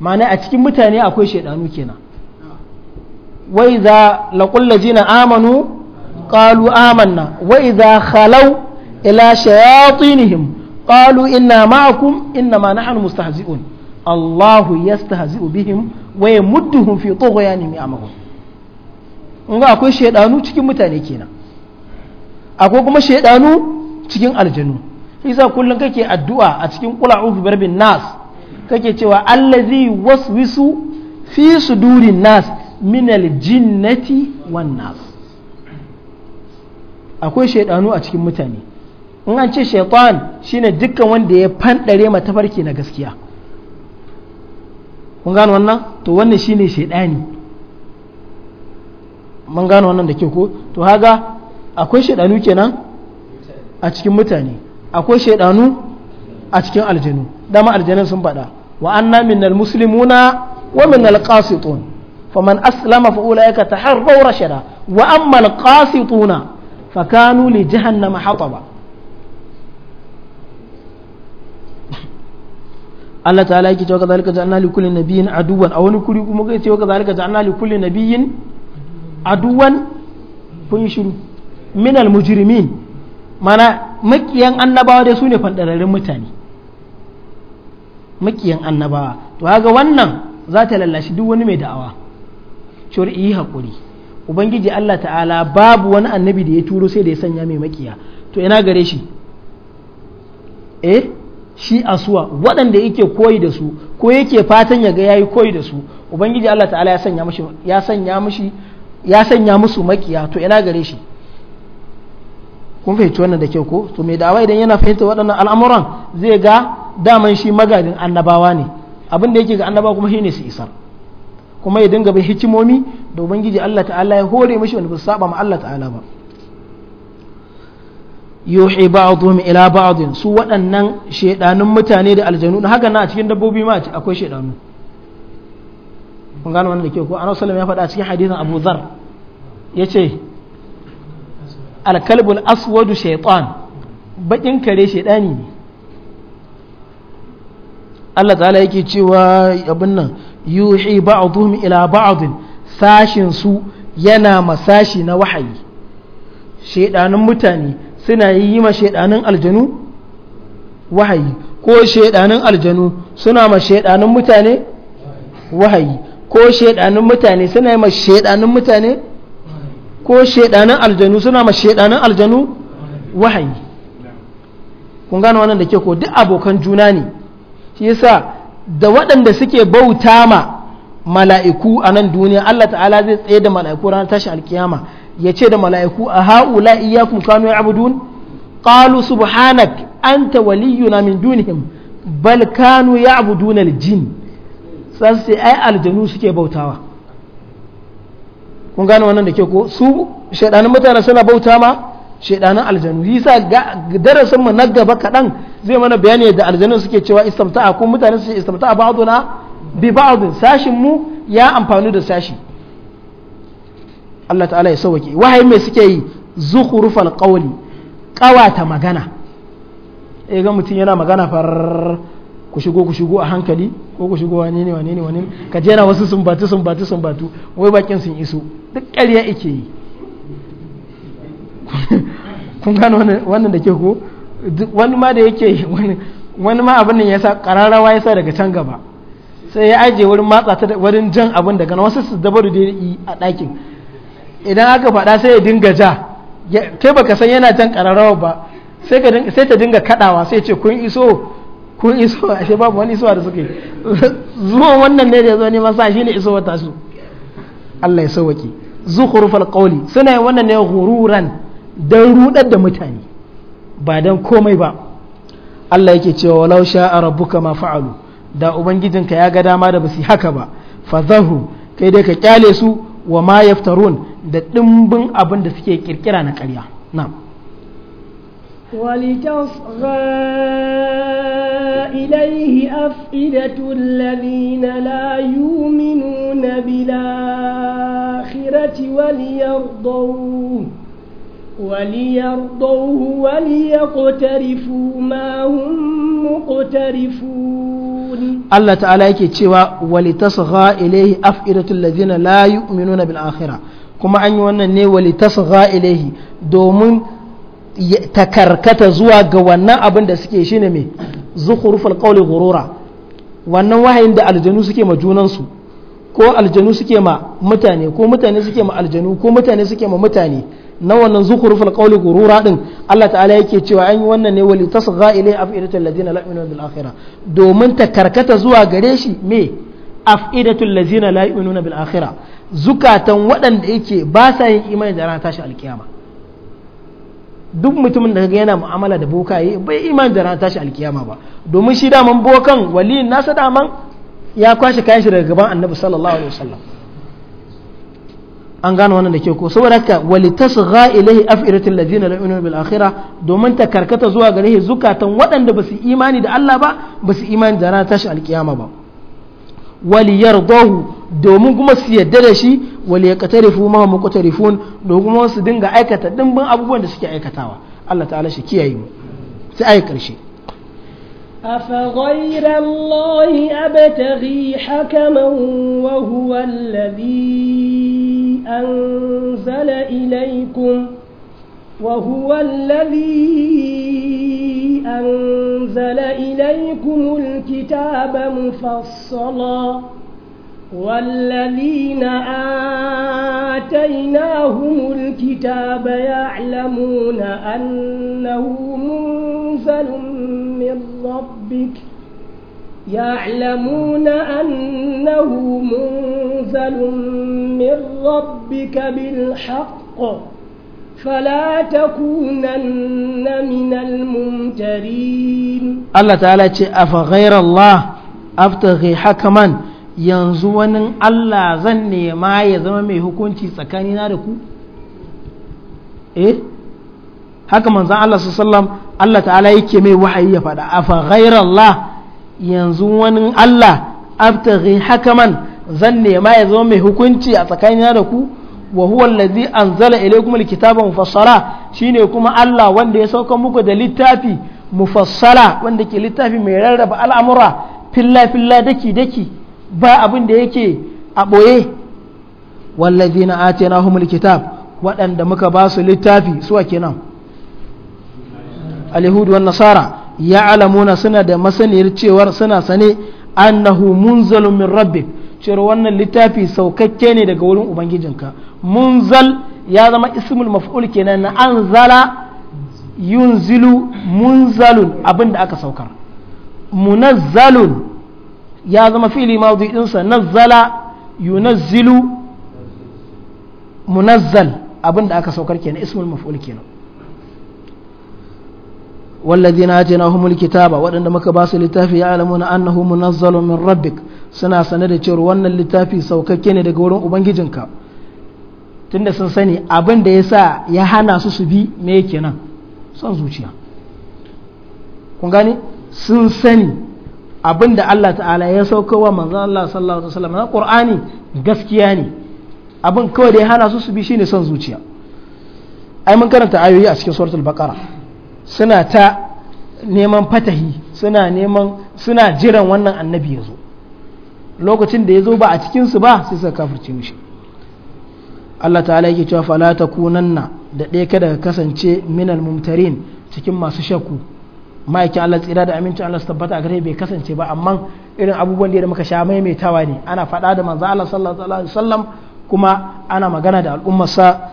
ma'ana a cikin mutane akwai shaidanu kenan wa idza laqul ladina amanu qalu amanna wa idza halau ila shayatinihim qalu inna ma'akum inna ma nahnu mustahzi'un Allahu yastahzi'u bihim wa yamudduhum fi tughyanihim ya'mahun in ga akwai shaidanu cikin mutane kenan akwai kuma shaidanu cikin aljanu isa kullum kake addu'a a cikin kula fi barbin nas kake cewa allazi waswisu fi sudurin nas min aljinnati wan nas akwai shaidanu a cikin mutane in an ce shaitan shine dukkan wanda ya fandare matafarki na gaskiya kun gano wannan to wannan shine shaidani mun gano wannan da ke ko to haga akwai shaidanu kenan a cikin mutane akwai shaidanu a cikin aljanu dama aljanun sun faɗa wa anna minnal muslimuna wa minnal qasitun faman aslama fa ulaika taharraw rashada wa amma al qasituna fa kanu li jahannama hataba Allah ta'ala yake cewa kazalika ja'alna li kulli nabiyyin aduwan a wani kuri kuma kai cewa kazalika ja'alna li kulli nabiyyin aduwan kun shiru minal mujrimin mana makiyan annabawa dai su ne fandararrun mutane makiyan annabawa to ga wannan za ta lallashi duk wani mai da'awa cewar yi haƙuri ubangiji allah ta'ala babu wani annabi da ya turo sai da ya sanya mai makiya to ina gare shi eh shi asuwa waɗanda yake koyi da su ko yake fatan ya ga yayi koyi da su ubangiji allah ta'ala ya sanya mishi ya sanya mishi ya sanya musu makiya to ina gare shi kun fahimci wannan da kyau ko to mai dawa idan yana fahimta waɗannan al'amuran zai ga daman shi magadin annabawa ne abin da yake ga annabawa kuma shine su isar kuma ya dinga bin hikimomi da ubangiji Allah ta'ala ya hore mishi wanda ba su saba ma Allah ta'ala ba yuhi ba'dhum ila ba'd su waɗannan shedanun mutane da aljanu haka na a cikin dabbobi ma akwai shedanu kun gano wannan da kyau ko annabi sallallahu alaihi wasallam ya faɗa cikin hadisin Abu Dharr yace alkalbul aswadu shaitan bakin kare shaitani ne Allah ta'ala yake cewa abin nan yuhi ba'dhum ila ba'd sashin su yana masashi na wahayi shaidanin mutane suna yi ma shaidanin aljanu wahayi ko shaidanin aljanu suna ma shaidanin mutane wahayi ko shaidanin mutane suna yi ma shaidanin mutane ko shaidanin aljanu suna ma shaidanin aljanu wahayi kun gano wannan da ke ko duk abokan juna ne shi yasa da waɗanda suke bauta ma mala'iku a nan duniya Allah ta'ala zai tsaye da mala'iku ranar tashi alkiyama ya ce da mala'iku a ha'ula iyakum kanu ya abudun qalu subhanak anta waliyuna min dunihim bal kanu ya aljin sai ai aljanu suke bautawa kun gane wannan da ke ko su shaidanin mutane suna bauta ma shaidanin aljanu yi sa darasin mu na gaba kaɗan zai mana bayani da aljanu suke cewa istamta'a kun mutane su istamta'a ba'duna bi ba'd sashin mu ya amfani da sashi Allah ta'ala ya sauke wahayi mai suke yi zukhrufal qawli qawata magana eh ga mutum yana magana far ku shigo ku shigo a hankali ko ku shigo wane ne wane ne wane ka je wasu sumbatu sumbatu sumbatu wai bakin sun iso duk ƙarya ake yi kun gano wannan da ke ko wani ma da yake wani ma abin ya sa ƙararrawa ya sa daga can gaba sai ya ajiye wurin matsa ta wurin jan abin daga wasu su dabaru da yi a ɗakin idan aka faɗa sai ya dinga ja kai baka san yana jan ƙararrawa ba sai ta dinga kaɗawa sai ce kun iso kun iso ashe babu wani isowa da suke zuwa wannan ne da ya zo neman sa ne isowa ta su Allah ya sauwaki zukurufar qawli suna yin wannan ne ghururan dan rudar da mutane ba dan komai ba Allah yake cewa walau sha'a rabbuka ma fa'alu da ubangijinka ya ga dama da basu haka ba fazahu kai dai ka kyale su wa ma yaftarun da dimbin abin da suke kirkira na ƙarya na'am ولتصغى إليه أفئدة الذين لا يؤمنون بالآخرة وليرضوه وليرضوه وليقترفوا ما هم مقترفون الله تعالى يكي ولتصغى إليه أفئدة الذين لا يؤمنون بالآخرة كما أن يوانا ولتصغى إليه دومون ta karkata zuwa ga wannan abin da suke shine mai zukhrufal qawli gurura wannan wahayin da aljanu suke ma junansu ko aljanu suke ma mutane ko mutane suke ma aljanu ko mutane suke ma mutane na wannan zukhrufal qawli gurura din Allah ta'ala yake cewa an yi wannan ne wali tasgha ilai afidatul ladina la yu'minuna bil akhirah domin ta karkata zuwa gare shi me afidatul ladina la yu'minuna bil akhirah zukatan waɗanda yake ba sa yin imani da ranar tashi alkiyama duk mutumin da ga yana mu'amala da yi bai iman da ran tashi alkiyama ba domin shi daman bokan waliyin nasa daman ya kwashe kayan shi daga gaban annabi sallallahu alaihi wasallam an gano wannan da ke ko saboda haka wali tasgha ilahi af'iratul ladina la yu'minu bil akhirah domin ta karkata zuwa gare shi zukatan waɗanda basu imani da Allah ba basu imani da ran tashi alkiyama ba wali yardahu domin kuma su yadda da shi wal yaqtarifu ma muqtarifun domin kuma su dinga aikata dimbin abubuwan da suke aikatawa Allah ta'ala shi kiyaye mu sai ayi karshe أفغير الله أبتغي حكما وهو الذي أنزل إليكم وهو الذي أنزل إليكم الكتاب مفصلاً والذين آتيناهم الكتاب يعلمون أنه منزل من ربك يعلمون أنه منزل من ربك بالحق فلا تكونن من الممترين الله تعالى أفغير الله أبتغي حكما yanzu wani Allah zan nema ya zama mai hukunci tsakanina da ku eh haka manzan Allah su sallam Allah ta'ala yake mai wahayi ya faɗa a fa Allah yanzu wani Allah abtaghi hakaman zan nema ya zama mai hukunci a tsakanina da ku wa huwa allazi anzala ilaykum alkitaba mufassala shine kuma Allah wanda ya sauka muku da littafi mufassala wanda ke littafi mai rarraba al'amura fillafilla daki daki ba abin da yake a ɓoye wallazi na ate na humul kitab waɗanda muka ba su littafi suwa kenan alihudu wan nasara ya alamuna suna da masaniyar cewar suna sane annahu munzalun min rabbik cewar wannan littafi saukakke ne daga wurin ubangijinka munzal ya zama ismul maf'ul kenan na anzala yunzilu munzalun abin da aka saukar munazzalun Ya zama fili maɗum sa na zala unazulu mu na aka saukar kenan ismul mafuli kenan. Wani ladiyan ajiye na yi mulki taba wadanda muka basu littafi ya alamu na annuhu munazzalumin rabic suna sane da cewa wannan littafi saukakke ne daga wurin ubangijinka. Tunda sun sani abin da ya ya hana su su bi me yake gani sun sani Abin da Allah ta'ala ya saukowa manzon Allah sallallahu alaihi wasallam na Qur'ani gaskiya ne abin kawai da ya hana su su bi shine son zuciya ai mun karanta ayoyi a cikin suratul baqara suna ta neman fatahi suna neman suna jiran wannan annabi ya zo lokacin da ya zo ba a cikin su ba sai suka kafirce mishi Allah ta'ala yake cewa fala takunanna da ɗaya kada ka kasance minal mumtarin cikin masu shakku ma'aikin Allah tsira da amincin Allah su tabbata a gare bai kasance ba amma irin abubuwan da muka sha maimaitawa ne ana faɗa da manzo Allah sallallahu alaihi kuma ana magana da al'ummarsa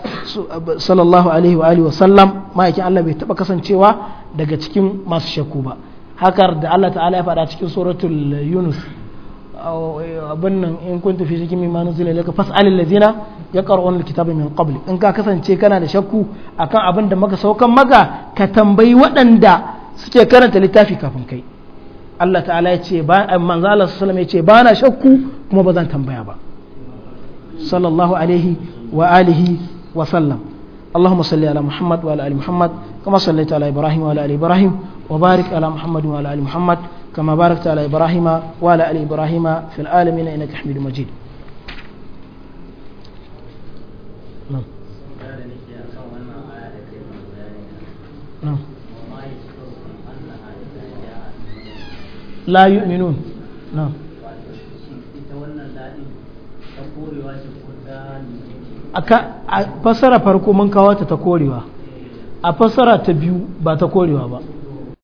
sallallahu alaihi wa alihi wasallam ma'aikin Allah bai taba kasancewa daga cikin masu shakku ba hakar da Allah ta'ala ya faɗa cikin suratul yunus abin nan in kuntu fi shakkin mimma nuzila ilayka fas'alil ladzina yaqra'una alkitaba min qabl in ka kasance kana da shakku akan abin da muka saukan maka ka tambayi waɗanda suke karanta littafi kafin kai Allah ta'ala ya ce ba manzo Allah sallallahu ya ce ba na shakku kuma ba zan tambaya ba sallallahu alaihi wa alihi wa sallam اللهم صل على محمد وعلى ال محمد كما صليت على ابراهيم وعلى ال ابراهيم وبارك على محمد وعلى ال محمد كما باركت على ابراهيم وعلى ال ابراهيم في العالمين انك حميد مجيد نعم نعم la minu na a fasara farko mun kawo ta ta korewa a fasara ta biyu ba ta korewa ba